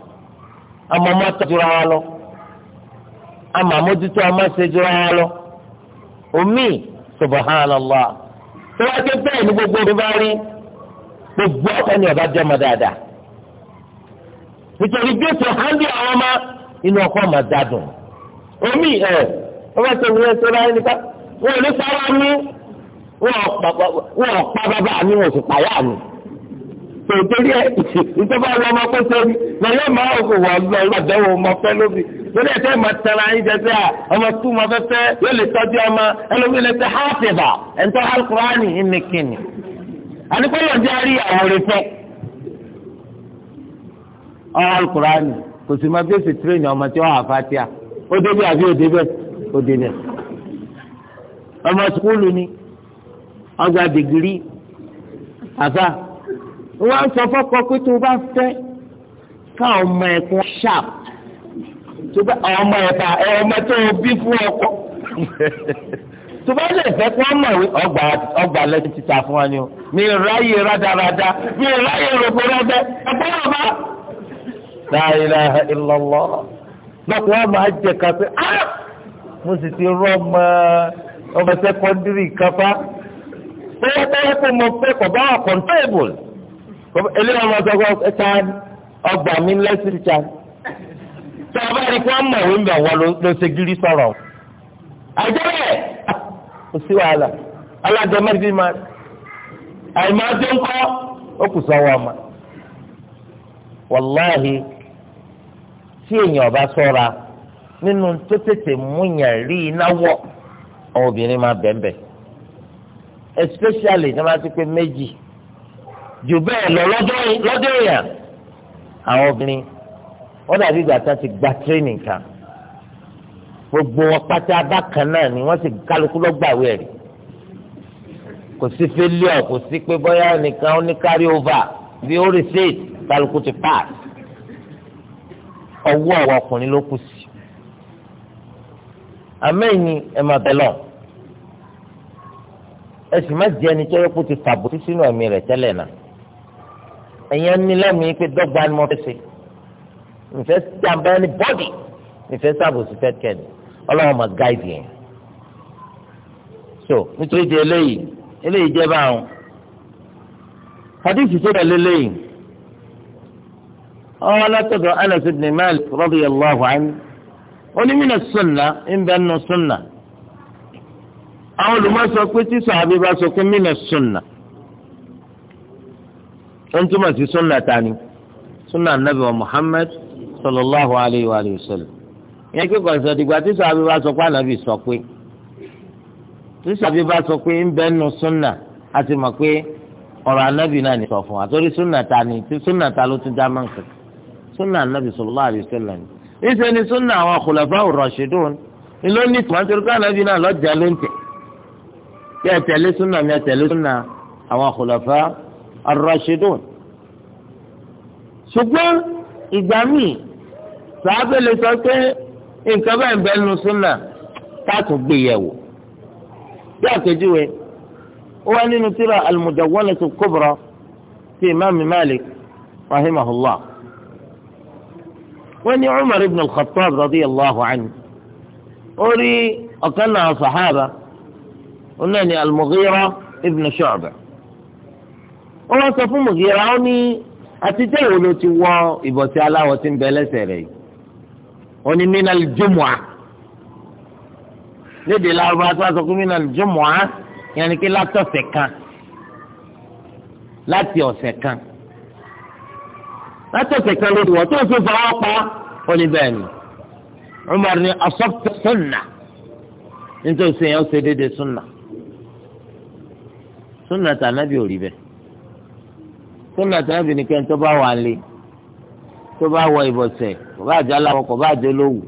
ama mọ́tò jura wa lọ ama mójútó ama ṣe jura wa lọ omi subahánàlá tó bá bẹ́ẹ̀ ni gbogbo bá rí gbogbo ọkọ ni ọba jẹ́ ọmọ dáadáa nítorí jésù hàndí àwọn ọmọ inú ọkọ ọmọ omi ẹ ọba wúlò báyìí nípa wọn ò ní mi wọn ò pa bàbá mi wọn tó torí ẹ ìjọba àwọn ọmọ kó sórí lọ́yọ́ máa ń kó wọ́n lọ lọ́dọ̀wọ́ ọmọ fẹ́ lóbi torí ẹ tẹ́ máa tẹ̀lé ayé jẹ sí à ọmọ tó máa fẹ́ fẹ́ yóò lè tọ́jú ọmọ ẹlòmíì lè tẹ hàfìbà ẹ̀ńtọ́ alukurani ìnìkìnì àníkọ́lọ̀ jẹ́ àrí àwòrán fẹ́ ọ alukurani kò sì máa bí èsì tírẹ̀nì ọmọ tí wọ́n àfáàtíà ó débẹ̀ àbí ó débẹ̀ ó débẹ̀ ọmọ sukúlù ni ọgbà dìgírì àfáà wọ́n á sọ fọ́kọ pé tó o bá fẹ́ ká ọmọ ẹ̀ kún sharp tó bá ọmọ ẹ̀ bá ọmọ tó o bí fún ọkọ tó bá lè fẹ́ o mi ráyè rádaràda mi ráyè rògbòrògbè ẹ̀fọ́ ọba. la ilaha illallah lọ́kùn wọn máa ah! mo sì ti rọ ọmọ ọmọ mo eléyàwó máa sọ fún ọgbà mi lẹ́sìn ta tí a bá rí kí wọ́n mọ̀wé ń bẹ̀ wọ́n ló ṣe gírí sọ̀rọ̀ àjẹbẹ́ kò sí wàhálà aládọ́mẹ́rì bí máa àìmọ́ ń kọ́ ó kù wàláhì tí èèyàn bá sọ́ra nínú tó tètè rí iná jù bẹ́ẹ̀ lọ lọ́dọ̀ èèyàn àwọn obìnrin wọ́n dàbí ìgbà tán ti gba tírénì kan gbogbo wọn pátá bákan náà ni wọ́n sì kálukú lọ́gbàwé ẹ̀rí kò sí failure kò sí pé bóyá nìkan ó ní carry over bí ó reset kálukú ti pass ọwọ́ àwọn ọkùnrin ló kù sí amẹ́yìn ẹ̀ máa bẹ̀ lọ́n ẹ sì má jẹ́ ẹni tó yẹ kó ti fàbùtí sínú ẹ̀mí rẹ̀ tẹ́lẹ̀ náà ẹ̀yin anilẹ́mìí pé dọ́gba ni mo fẹ́ ṣe nfẹ́ jàmbá ẹni bọ́dì nfẹ́ sàbòsí fẹ́ kẹ́ni ọlọ́run mọ̀ gáìdì yẹn. so nítorí di eléyìí eléyìí jẹ́ báwọn hadith tó dà lélẹ́yìn ọ̀hún alátọ̀dọ̀ Anas ibn Malik radiyallahu anhu onímìnà sunna ń bẹ́ẹ̀ nù sunna àwọn olùmọ̀ sọ pé tí sàbí bá sọ pé mìnà sunna wọ́n túmọ̀ sí súnà tani súnà nabi wa muhammed sallallahu alayhi wa sallam yẹn kí kọ̀ọ̀sọ̀ dìgbà tí sàbí bá sọ pé ànábì sọ pé tí sàbí bá sọ pé ń bẹ́ nu súnà a ti mọ̀ pé ọ̀rọ̀ ànábì náà ní sọ fún wa torí súnà ta ni tí súnà ta ló tún já máa ń kàn súnà ànábì sallallahu alayhi wa sallam ni níṣẹ́ ni súnà àwọn khulafa'ur rashidun ni ló ní tùmọ̀ nítorí pé ànábì náà lọ́jà ló ń tẹ̀ kí ẹ tẹ̀lé súnà mi ẹ tẹ̀lé súnà àwọn khulafa'ur ar ṣùgbọ́n ìgbà míì sàábẹ̀ lè sọ pé nǹkan bá ń bẹ nínú súnà táàtò gbé yẹ̀wò bí àpèjúwe ó wá nínú tó al-mudawwanatu al-kubra ti imaami malik rahimahullah wọ́n ní umar ibn al-khattab allahu anhu ó rí ọ̀kan náà sàhábà ó náà ní ibn shu'ba. wọ́n wá sọ fún Mugira ó ní àtijọ́ ìwò ló ti wọ ìbọ̀sí aláwọ̀ tí ń bẹ lẹ́sẹ̀ rẹ̀ yìí ó ní minal jumu'a léde lárúbá tó sọ fún minal jumu'a yẹn ni kí látọ̀sẹ̀ kan láti ọ̀sẹ̀ kan látọ̀sẹ̀ kan ló ti wọ̀ tó ń fi fọwọ́ pa ó ní bẹ́ẹ̀ ni Umar ni asabta sunna nítorí sèyàn ó ṣe déédéé sunna sunna tà nábì ò rí bẹ́ẹ̀ sunna tẹ́lẹ̀bì ni kẹ́ni tó bá wà lé tó bá wọ ìbọ̀sẹ̀ kò bá àjọ aláwọ̀ kò bá àjọ olówù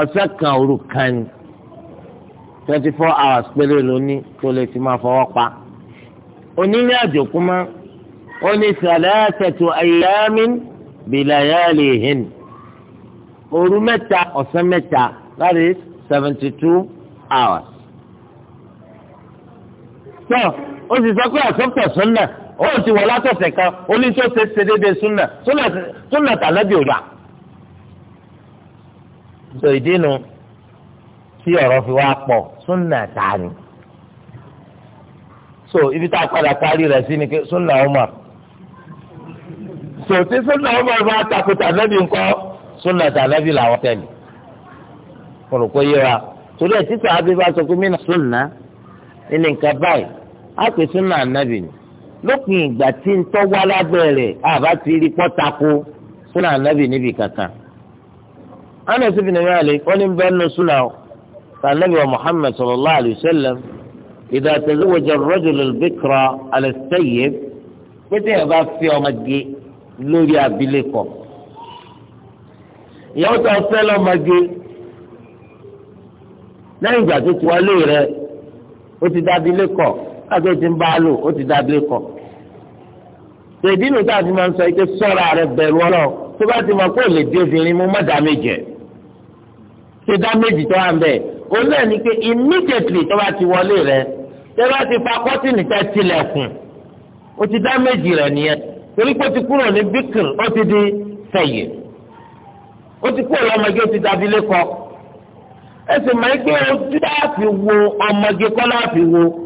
ọ̀sẹ̀ kan òru kan ni twenty four hours péré lóní tó lè ti máa fọwọ́ pa onílé àjòkú mọ́ ó ní sàlẹ́sẹ̀tù ayyamin bilayalihin òru mẹ́ta ọ̀sán mẹ́ta that is seventy two hours. sọ ó sì sọ pé àsọ̀tọ̀ sọ́nà. So, òun ti wọ látọ̀sẹ̀ kan oní tó ṣe ṣe déédéé súnà súnà tàlẹ́bí ò gbà. sọ ìdí nu tí ọ̀rọ̀ fi wá pọ̀ súnà tààní. so ibi tá a padà parí rẹ̀ sí ni súnà Umar. so tí súnà Umar bá takò tàlẹ́bí ńkọ́ súnà tàlẹ́bí làwọn tẹ̀lé. mo rò pé yé wa torí ẹ̀ títà abibá sọ pé mí nà súnà nínú nǹkan báyìí á pè súnà ànábì ni lópin ìgbà tí ń tọ́wọ́ alábẹ́rẹ̀ àbá ti rí pọ́tako súnà ànábì níbi kankan. Anas ibn Malik wọ́n ní bẹ́ẹ̀ nù súnà sànábì wa Muhammad sallallahu alayhi wa sallam idha tazawwaja ar-rajulu al-bikra ala as-sayyib pété ẹ̀ bá fi ọmọge lórí abilékọ. ìyàwó tó fẹ́ lọ́mọge lẹ́yìn ìgbà tó ti wá lé ó ti dá abilékọ àgbẹ̀ ti ń bá a lò ó ti dá abúlé kọ. tèdí nù táà ti máa ń sọ ike sọ́ra rẹ bẹ̀rù ọlọ́run tó bá ti máa kó lè dé obìnrin mú má dá méjì ṣé dá méjì tó wà ń bẹ̀ ó náà pé immediately tó bá ti wọlé rẹ tó bá ti fa kọ́tìnì tẹ́ tilẹ̀kùn ó ti dá méjì rẹ nìyẹn torí pé ó ti kúrò ní bíkìrì ó ti di sẹ̀yìn ó ti kúrò lọ́mọge ó ti dàbí lẹ́kọ̀ọ́ ẹsẹ̀ máa ń gbé ojú láàfin wo ọmọge kọ́ láàfin wo.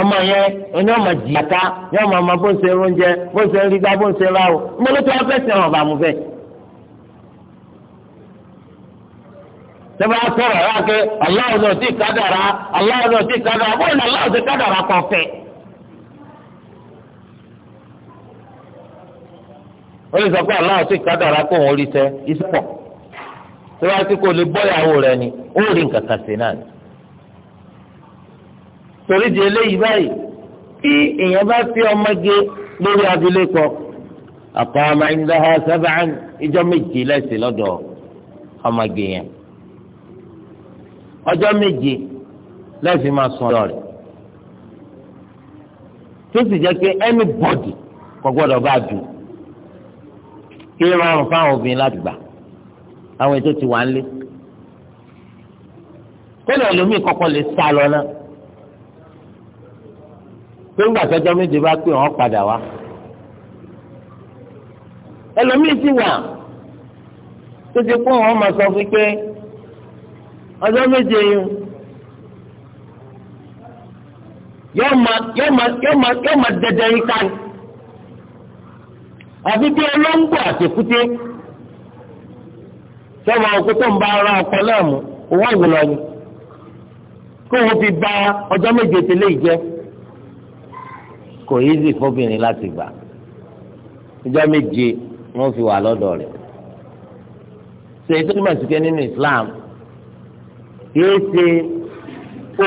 ọmọ yẹn oní ọmọ jìyàtá ní ọmọ ọmọ bó ń ṣe oúnjẹ bó ń ṣe rígbá bó ń ṣe ráwọ mọlẹ tó wọn fẹsẹ wọn bá mu fẹ. sọ̀rọ̀ ẹ̀rọ náà ti kádàrá náà ti kádàrá bóyá ti kádàrá kọ̀ fẹ́. ó lè sọ pé ti torí di eléyìí báyìí tí èèyàn bá fi ọmọge lórí abilékọ àkọ́mọ ìdáhà sábàán ìjọ méje lẹ́sìn lọ́dọ̀ ọmọge yẹn ọjọ́ méje lẹ́sìn máa sùn ọ̀rọ̀ rẹ̀ tó sì jẹ́ pé anybody kò gbọ́dọ̀ bá dùn kí ló rọrùn fáwọn obìnrin láti gbà àwọn ètò ti wà ń lé kó lè pé ńgbà tọ́jọ́ méje bá pé wọ́n padà wá ẹlòmíì ti wà tó ti kó wọn máa sọ fún pé ọjọ́ méje yìí yóò máa yóò máa yóò máa yóò máa dẹdẹ yìí ká ní àfi bí olóńgbò àtẹkùté sọ́wọ́ òkúta ń bá ara ọkọ náà mú owó àgùnlọ́ni kó wọ́n fi ba ọjọ́ méje tẹ́lẹ̀ jẹ́ kò easy fóbìnrin láti gbà ìjọ méje wọ́n fi wà lọ́dọ̀ rẹ̀ ṣe ètò ìmọ̀ sí pé nínú Islam kìí ṣe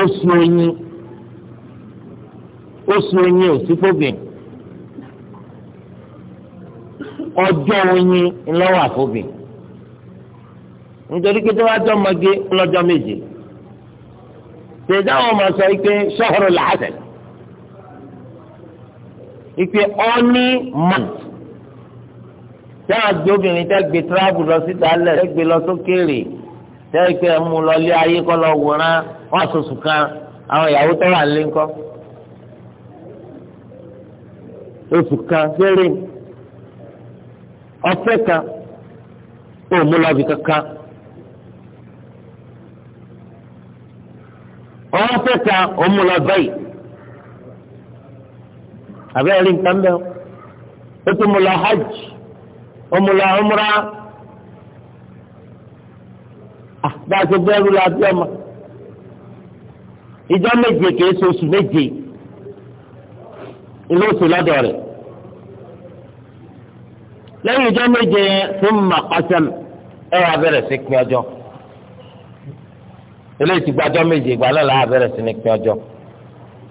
oṣù oyin oṣù oyin ò sí fóbìnrin ọjọ́ oyin ńlọ́wọ́ àfóbìn nítorí pé tó bá jọ ọmọge lọ́jọ́ méje ṣèjọ́ àwọn ọmọ sọ pé ṣọ́ọ̀rọ̀ làásẹ̀ ìpè ọ́ní month táwọn gbé obìnrin tẹ́ gbé tíráàbù lọ síta lẹ̀ tẹ́ gbé lọ sókèèrè tẹ́ ìpè mú lọ lé ayé kọ́ lọ wòran wọ́n àṣoṣù kan àwọn ìyàwó tó wà lé ńkọ́ oṣù kan fẹ́rẹ̀ ọ̀sẹ̀ kan ó mú lọ bí kankan. ọ̀sẹ̀ kan ó mú lọ báyìí àbẹ́ rí nǹkan bẹ́ẹ̀ ó tún mú lọ hajj ó mú lọ umra ah, bá a ṣe bẹ́ẹ̀rù la bí ọmọ ìjọ méje kìí ṣe oṣù méje ìlú oṣù lọ́dọ̀ rẹ̀ lẹ́yìn ìjọ méje fún màkàṣẹ́m ẹ wà bẹ̀rẹ̀ sí pín ọjọ́ eléyìí ti gbàjọ́ méje ìgbà náà là bẹ̀rẹ̀ sí ní ọjọ́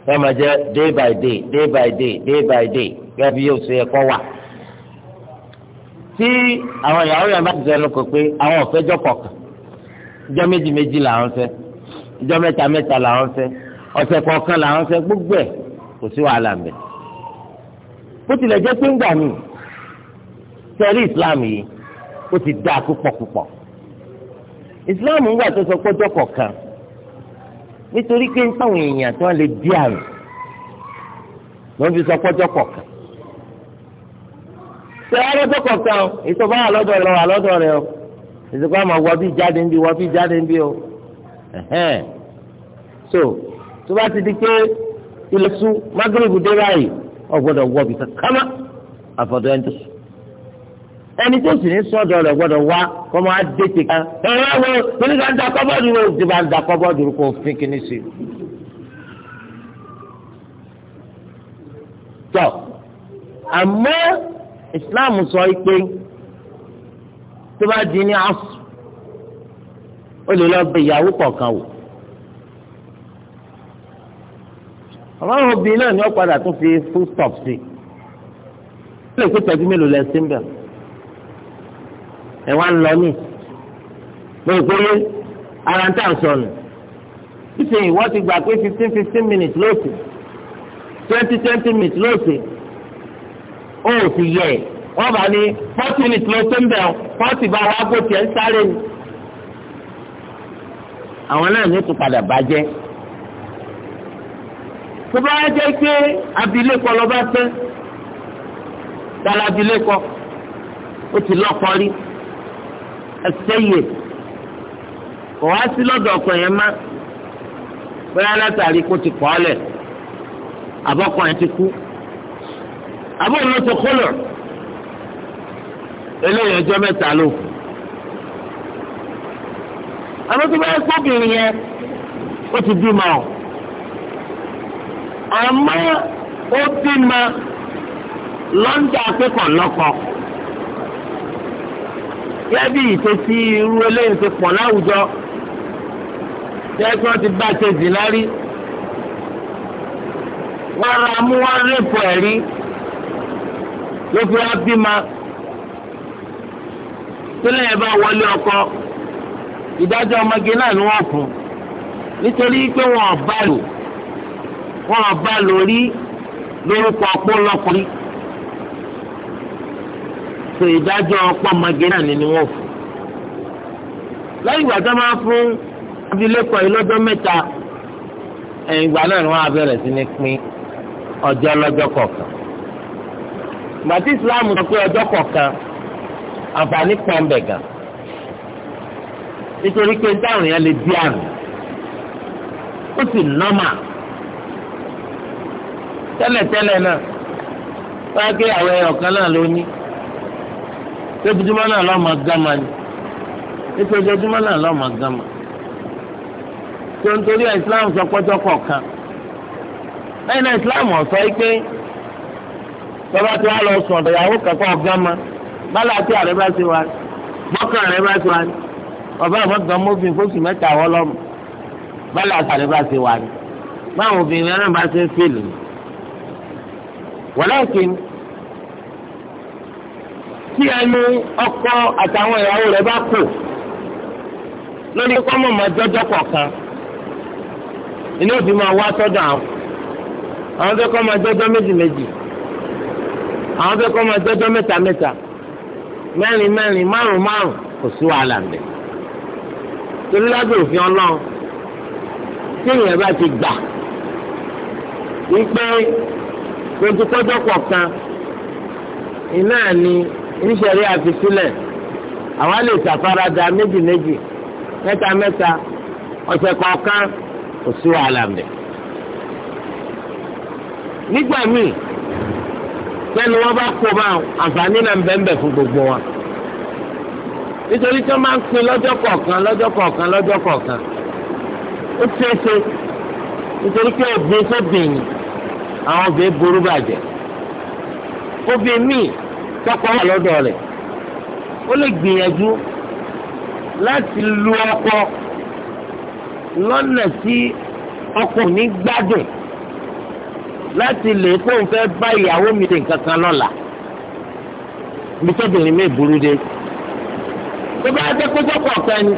yóò máa jẹ́ day by day day by day day by day gẹ́gẹ́ bí yóò ṣe ẹ̀kọ́ wà. tí àwọn ìyàwó yẹn bá ti sẹ́nu kò pé àwọn ọ̀fẹ́jọ́ kọ̀ọ̀kan ìjọ́ méjì méjì làwọn fẹ́ ìjọ́ mẹ́ta mẹ́ta làwọn fẹ́ ọ̀sẹ̀ kọ̀ọ̀kan làwọn fẹ́ gbogbo ẹ̀ kò sí wàhálà ń bẹ. bó tilẹ̀ jẹ́ pé ń gbà mí sẹ́rí Islam yìí ó ti dáa púpọ̀ púpọ̀ Islam ń gbà tó sọ pé ọjọ́ kọ̀ọ̀kan nítorí pé táwọn èèyàn tí wọ́n lè di àrùn ló ń fi sọ pọ́jọ́ kọ̀ọ̀kan tẹ ọlọ́jọ́ kọ̀ọ̀kan ìtọ́ba wà lọ́dọ̀ rẹ wà lọ́dọ̀ rẹ o ìsìnkú àmọ̀ wọ bí jáde ń bí wọ bí jáde ń bí o so tó bá ti di pé ilé sùn magreth dé báyìí ọ̀gbọ́dọ̀ wọ bí kankan mọ́ àfọ̀dọ̀ ẹni tó sùn ẹni tó sì ní sọ́dọ̀ rẹ̀ gbọ́dọ̀ wá kó máa dé ti kan ẹ̀rọ ẹ̀wọ̀ kíní ká ń da kọ́bọ́ọ̀dù rẹ̀ òjì bá ń da kọ́bọ́ọ̀dù rẹ̀ kó fin kíní sí. tọ́ àmọ́ ìsìláàmù sọ pé tó bá di ní asù ó lè lọ bẹ ìyàwó kọ̀ọ̀kan wò. àwọn obìnrin náà ni wọ́n padà tún fi full stop sí i. ó lè pé tẹ̀gbí mélòó lẹ sí ẹ wá ń lọ ní. mo rò pé ara ń tà sọnù ṣíṣe ìwọ ti gbà pé fifteen fifteen minutes lóòsè twenty twenty minutes lóòsè ó sì yẹ wọ́n bá ní forty minutes ló tó ń bẹ̀ forty bá wá gòkè ń sáré ni. àwọn náà ní tún padà bàjẹ́ tó bá jẹ́ pé abilékọ lọ bá fẹ́ dára abilékọ ó ti lọ́kọ rí ẹsẹyè kò wá sí lọ́dọ̀ ọkàn yẹn má bóyá látàrí kó ti kọ́ lẹ̀ abọ́kàn yẹn ti kú abọ́ ló ti kú lọ eléyìí ọjọ́ mẹ́ta ló kù àwọn tó bá yẹ kóbìnrin yẹn ó ti bímọ àmọ́ ó bímọ lọ́ńdà akẹ́kọ̀ọ́ lọ́kọ̀ọ́ yẹ́bí ìtẹ́sí irú eléyìí ti pọ̀ láwùjọ jẹ́ kí wọ́n ti bá ṣe zì lárí wọ́n ra mú wọ́n rẹ́pọ̀ ẹ̀rí ló fi wá bímọ tílẹ̀ ẹ̀ bá wọlé ọkọ ìdájọ́ ọmọge náà ni wọ́n fún nítorí pé wọ́n ọ̀ bá lò wọ́n ọ̀ bá lò rí lórúkọ ọpọlọpọ rí. so ìdájọ́ pọ́nmọ́gé náà ni wọ́n fún lẹ́yìn ìgbà tó máa fún abilékọ ìlọ́jọ́ mẹ́ta ẹ̀yìn ìgbà náà ni wọ́n á bẹ̀rẹ̀ sí ní pín ọjọ́ kọ̀ọ̀kan Islam sọ pé ọjọ́ kọ̀ọ̀kan àǹfààní pọ̀nbẹ̀ gan nítorí pé dáhùn yẹn lè di àrùn ó sì nọ́mà tẹ́lẹ̀tẹ́lẹ̀ náà wọ́n á gé àwọn sébùjúmọ́ náà lọ́mọ gámà ni ètò ìjọjúmọ́ náà lọ́mọ gámà tó ń torí islam sọ pọ́jọ́ kọ̀ọ̀kan lẹ́yìn náà islam ọ̀sọ́ yìí pé tọ́ba tí wàá lọ sùn ọ̀dọ̀ ìyàwó kẹ́kọ̀ọ́ gámà bálá tí àrẹ bá ti wá bọ́kàn àrẹ bá ti wá ni ọba àmọ́gàn mọ́bìn fóṣù mẹ́ta wọ́ lọ́mù bálá tí àrẹ bá ti wá ni báwọn obìnrin náà bá ti ń fèlè wọ́n lẹ́yìn tí ẹnu ọkọ àtàwọn ìyàwó rẹ̀ bá kù lórí kọ́mọ̀ máa jọjọ́ kọ̀ọ̀kan inú òbí máa wá sọ́dọ̀ àwọn àwọn tó kọ́ máa jọjọ́ méjì méjì àwọn tó kọ́ máa jọjọ́ mẹ́ta mẹ́ta mẹ́rin mẹ́rin márùn márùn kò sí wàhálà ńbẹ torí lábẹ́ òfin ọlọ́run tí èèyàn bá ti gbà wípé lójú kọjọ́ kọ̀ọ̀kan iná ni oníṣẹ́rí àfisílẹ̀ àwa lè ṣàfaradà méjì méjì mẹ́ta mẹ́ta ọ̀sẹ̀ kọ̀ọ̀kan kò sí wàhálà mẹ́. nígbà míì sẹ́ni wọ́n bá kó bá àǹfààní náà bẹ́ẹ̀ fún gbogbo wa nítorí tí wọ́n máa ń pín lọ́jọ́ kọ̀ọ̀kan lọ́jọ́ kọ̀ọ̀kan lọ́jọ́ kọ̀ọ̀kan ó ṣeé ṣe nítorí pé òbí sóbìnrin àwọn òbí burú bàjẹ́ òbí míì tọkọ wà lọ́dọ̀ rẹ̀ ó lè gbìyànjú láti lu ọkọ lọ́nà tí ọkọ ní gbádùn láti lè kó n fẹ́ bá ìyàwó mi ṣe nǹkan kan lọ́la bí tóbìnrin mi burú dé tó bá jẹ́ pé tọkọ ọ̀kan ni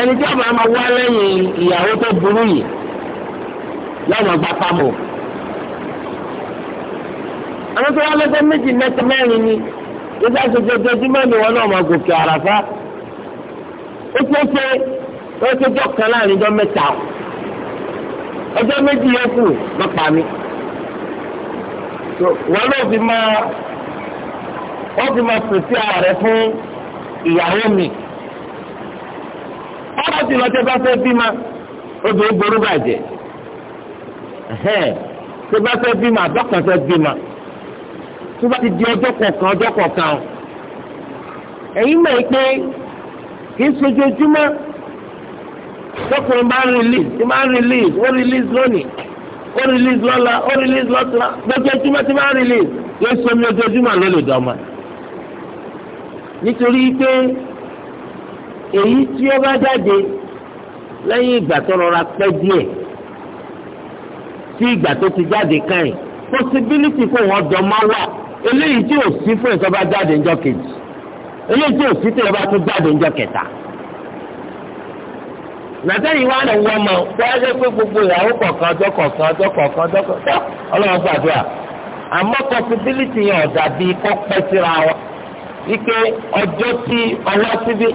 ẹni tí ọba máa wá lẹ́yìn ìyàwó tó burú yìí lọ́nà gbapá mọ́. àwọn tó wá lọ́jọ́ méjì mẹ́ta mẹ́rin ni ìgbà gbogbo ojúmọ́ ni wọn náà máa gòkè àràfá ó tó ṣe ó tó jọ kan láàrin ọjọ́ mẹ́ta ọjọ́ méjì yẹn kù má pa wọn náà fi máa wọ́n fi máa pèsè fún ìyàwó mi ọ̀rọ̀ tí tó bá ti di ọjọ́ kọ̀ọ̀kan ọjọ́ kọ̀ọ̀kan o ẹ̀yin mọ̀ pé kì í sojoojúmọ́ tọkùnrin bá ń release tí máa ń release ó release lónìí ó release lọ́la ó release lọ́túnla lójoojúmọ́ tí máa ń release yóò sọ mi ojoojúmọ́ ló lè dọ́mọ. nítorí pé èyí tí ó bá jáde lẹ́yìn ìgbà tó rọra pẹ́ díẹ̀ sí ìgbà tó ti jáde káyìn possibility kó wọ́n dọ́mọ wà eléyìí tí ò sí fún ìtọ́ bá jáde ńjọ́ kejì eléyìí tí ò sí tẹ̀lé bá tún jáde ńjọ́ kẹta. nàtẹ́yìn wa lè wọ́n mọ̀ wáyé pé gbogbo ìyàwó kọ̀ọ̀kan ọjọ́ kọ̀ọ̀kan ọjọ́ kọ̀ọ̀kan ọjọ́ kọ̀ọ̀kan ọlọ́run gbàdúrà àmọ́ possibility yẹn ọ̀dà bíi kọ́pẹ́ síra wọn wípé ọjọ́ tí ọlọ́ síbí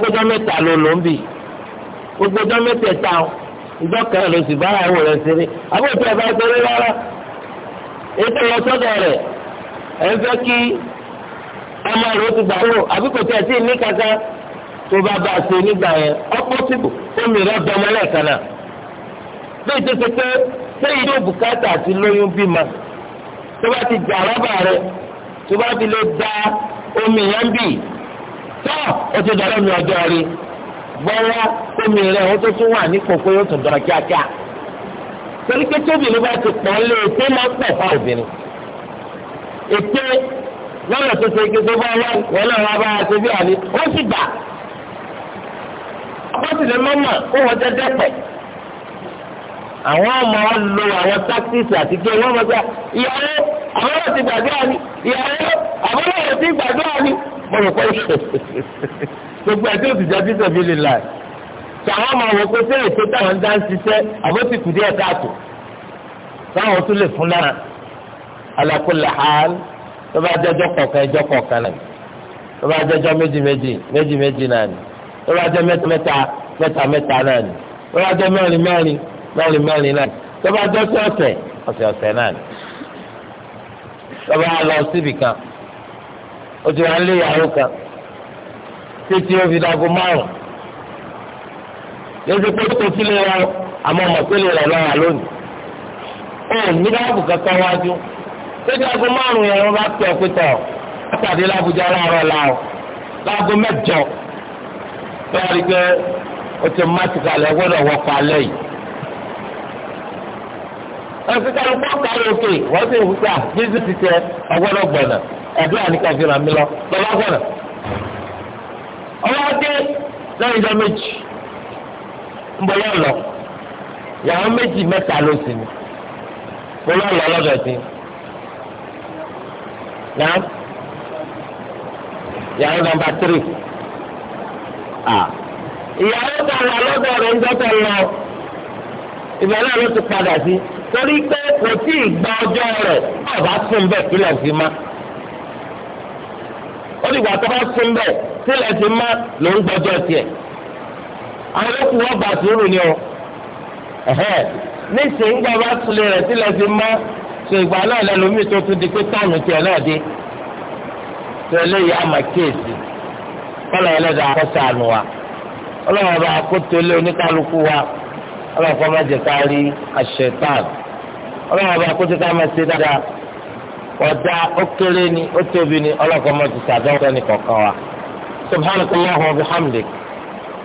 gbọ́dọ̀ mẹ́ta ló ló ń bì gbogbo ọjọ́ mẹ́tẹ̀ẹ̀ta ìjọ kan ló sì bá àwọn rẹ̀ ṣeré àbójútó ẹ̀ bá ṣeré rárá ètò lọ rẹ̀ ẹ fẹ́ kí ọmọ rẹ̀ ó ti gbà lò àbí kò baa ní tó bá bá a ṣe nígbà yẹn ọ̀pọ̀ omi lẹ́ẹ̀kan náà tó ṣe ti rọ́bà rẹ̀ tó bá ti lè da omi yẹn bì tó o ti dọ̀rọ̀ mi ọjọ́ rí omi rẹ̀ o tó tún torí pé tóbi ló bá ti pọ̀ lé ètè e máa ń pọ̀ fún obìnrin ètè lọ́nà tó ṣe kí tó bá wà wọ́n náà wá bá a ṣe bí àní ó sì gbà wọ́n sì lè mọ́mọ́ kó wọ́n jẹ́ dẹ́pẹ̀ àwọn ọmọ wa lo àwọn táktíìsì àti pé wọ́n mọ̀ sí ìyàwó àwọn ọ̀rọ̀ ti gbàdúrà ni ìyàwó àwọn ọ̀rọ̀ ti gbàdúrà ni mo rò pé [LAUGHS] gbogbo ẹ̀ tí sàwọn máa wọ pé sẹ́yìn tó táwọn dá ń ṣiṣẹ́ àbó ti kù díẹ̀ káàtó sáwọn tún lè fún náà alákòlè hàn tó bá jẹ́jọ́ kọ̀ọ̀kan ẹjọ́ kọ̀ọ̀kan náà tó bá jẹ́jọ́ méjì méjì méjì méjì náà ni tó bá jẹ́ mẹ́ta mẹ́ta mẹ́ta mẹ́ta náà ni tó bá jẹ́ mẹ́rin mẹ́rin mẹ́rin mẹ́rin náà ni tó bá jẹ́ ọ̀sẹ̀ ọ̀sẹ̀ ọ̀sẹ̀ náà ni tó bá lọ síbì kan ó ti wá lé ìyàwó kan títí ó fi dago márùn-ún lójú pé kò sílé wa àmọ́ ọmọ pélé rẹ̀ lọ́wọ́ lónìí. ó ní dáàbò kankan wájú pété aago márùn yẹn wọ́n bá pè ọ́ pété ọ́ látàdé lábújá láàárọ̀ láàọ́ láago mẹ́jọ bẹ́ẹ̀ rí pé ó ti mátìkà lẹ́ gbọ́dọ̀ wọ́pọ̀ alẹ́ yìí ẹ̀fíkà ló kọ́ kárí òkè wọ́n sì ń wípé à ah, jésù ti tẹ ọgbọ́dọ̀ gbọ̀nà ẹ̀dọ́ àníkà fi ràn mí lọ lọ́lá gbọ̀nà. ọlọ́dẹ lẹ́yìn ìjọ méjì ńbọ yọ lọ yàrá méjì mẹ́ta ló sì ní mo lọ lọ lọ́dọ̀ sí náà yàrá nọ́mbà tírì ìyàwó tó lọ lọ́dọ̀ rẹ̀ ń dọ́tọ̀ lọ ìbẹ̀rẹ̀ ló ti padà sí torí pé kò tí ì gba ọjọ́ rẹ̀ ọba sùn bẹ́ẹ̀ kílẹ̀ fi má ó dìgbà tó bá sùn bẹ́ẹ̀ kílẹ̀ fi má ló ń gbọ́jọ́ tiẹ̀. àwọn yòókù wọn bá sùúrù ni o níṣẹ́ ńgbà bá tilẹ̀ rẹ̀ sílẹ̀ ti mọ́ ṣe ìgbà náà lẹ́nu mi tó tún di pé táàmù tiẹ̀ náà dé tẹ̀lé ìyá àmà kéèsì kọ́lọ̀ ẹlẹ́dàá akọ́sà wa bá kótó lé oníkálukú wa kọ́ má jẹ ká rí bá kótó ká má ṣe dáadáa ó kéré ni ó tóbi ni kọ́ má ti kọ̀ọ̀kan wa subhanahu wa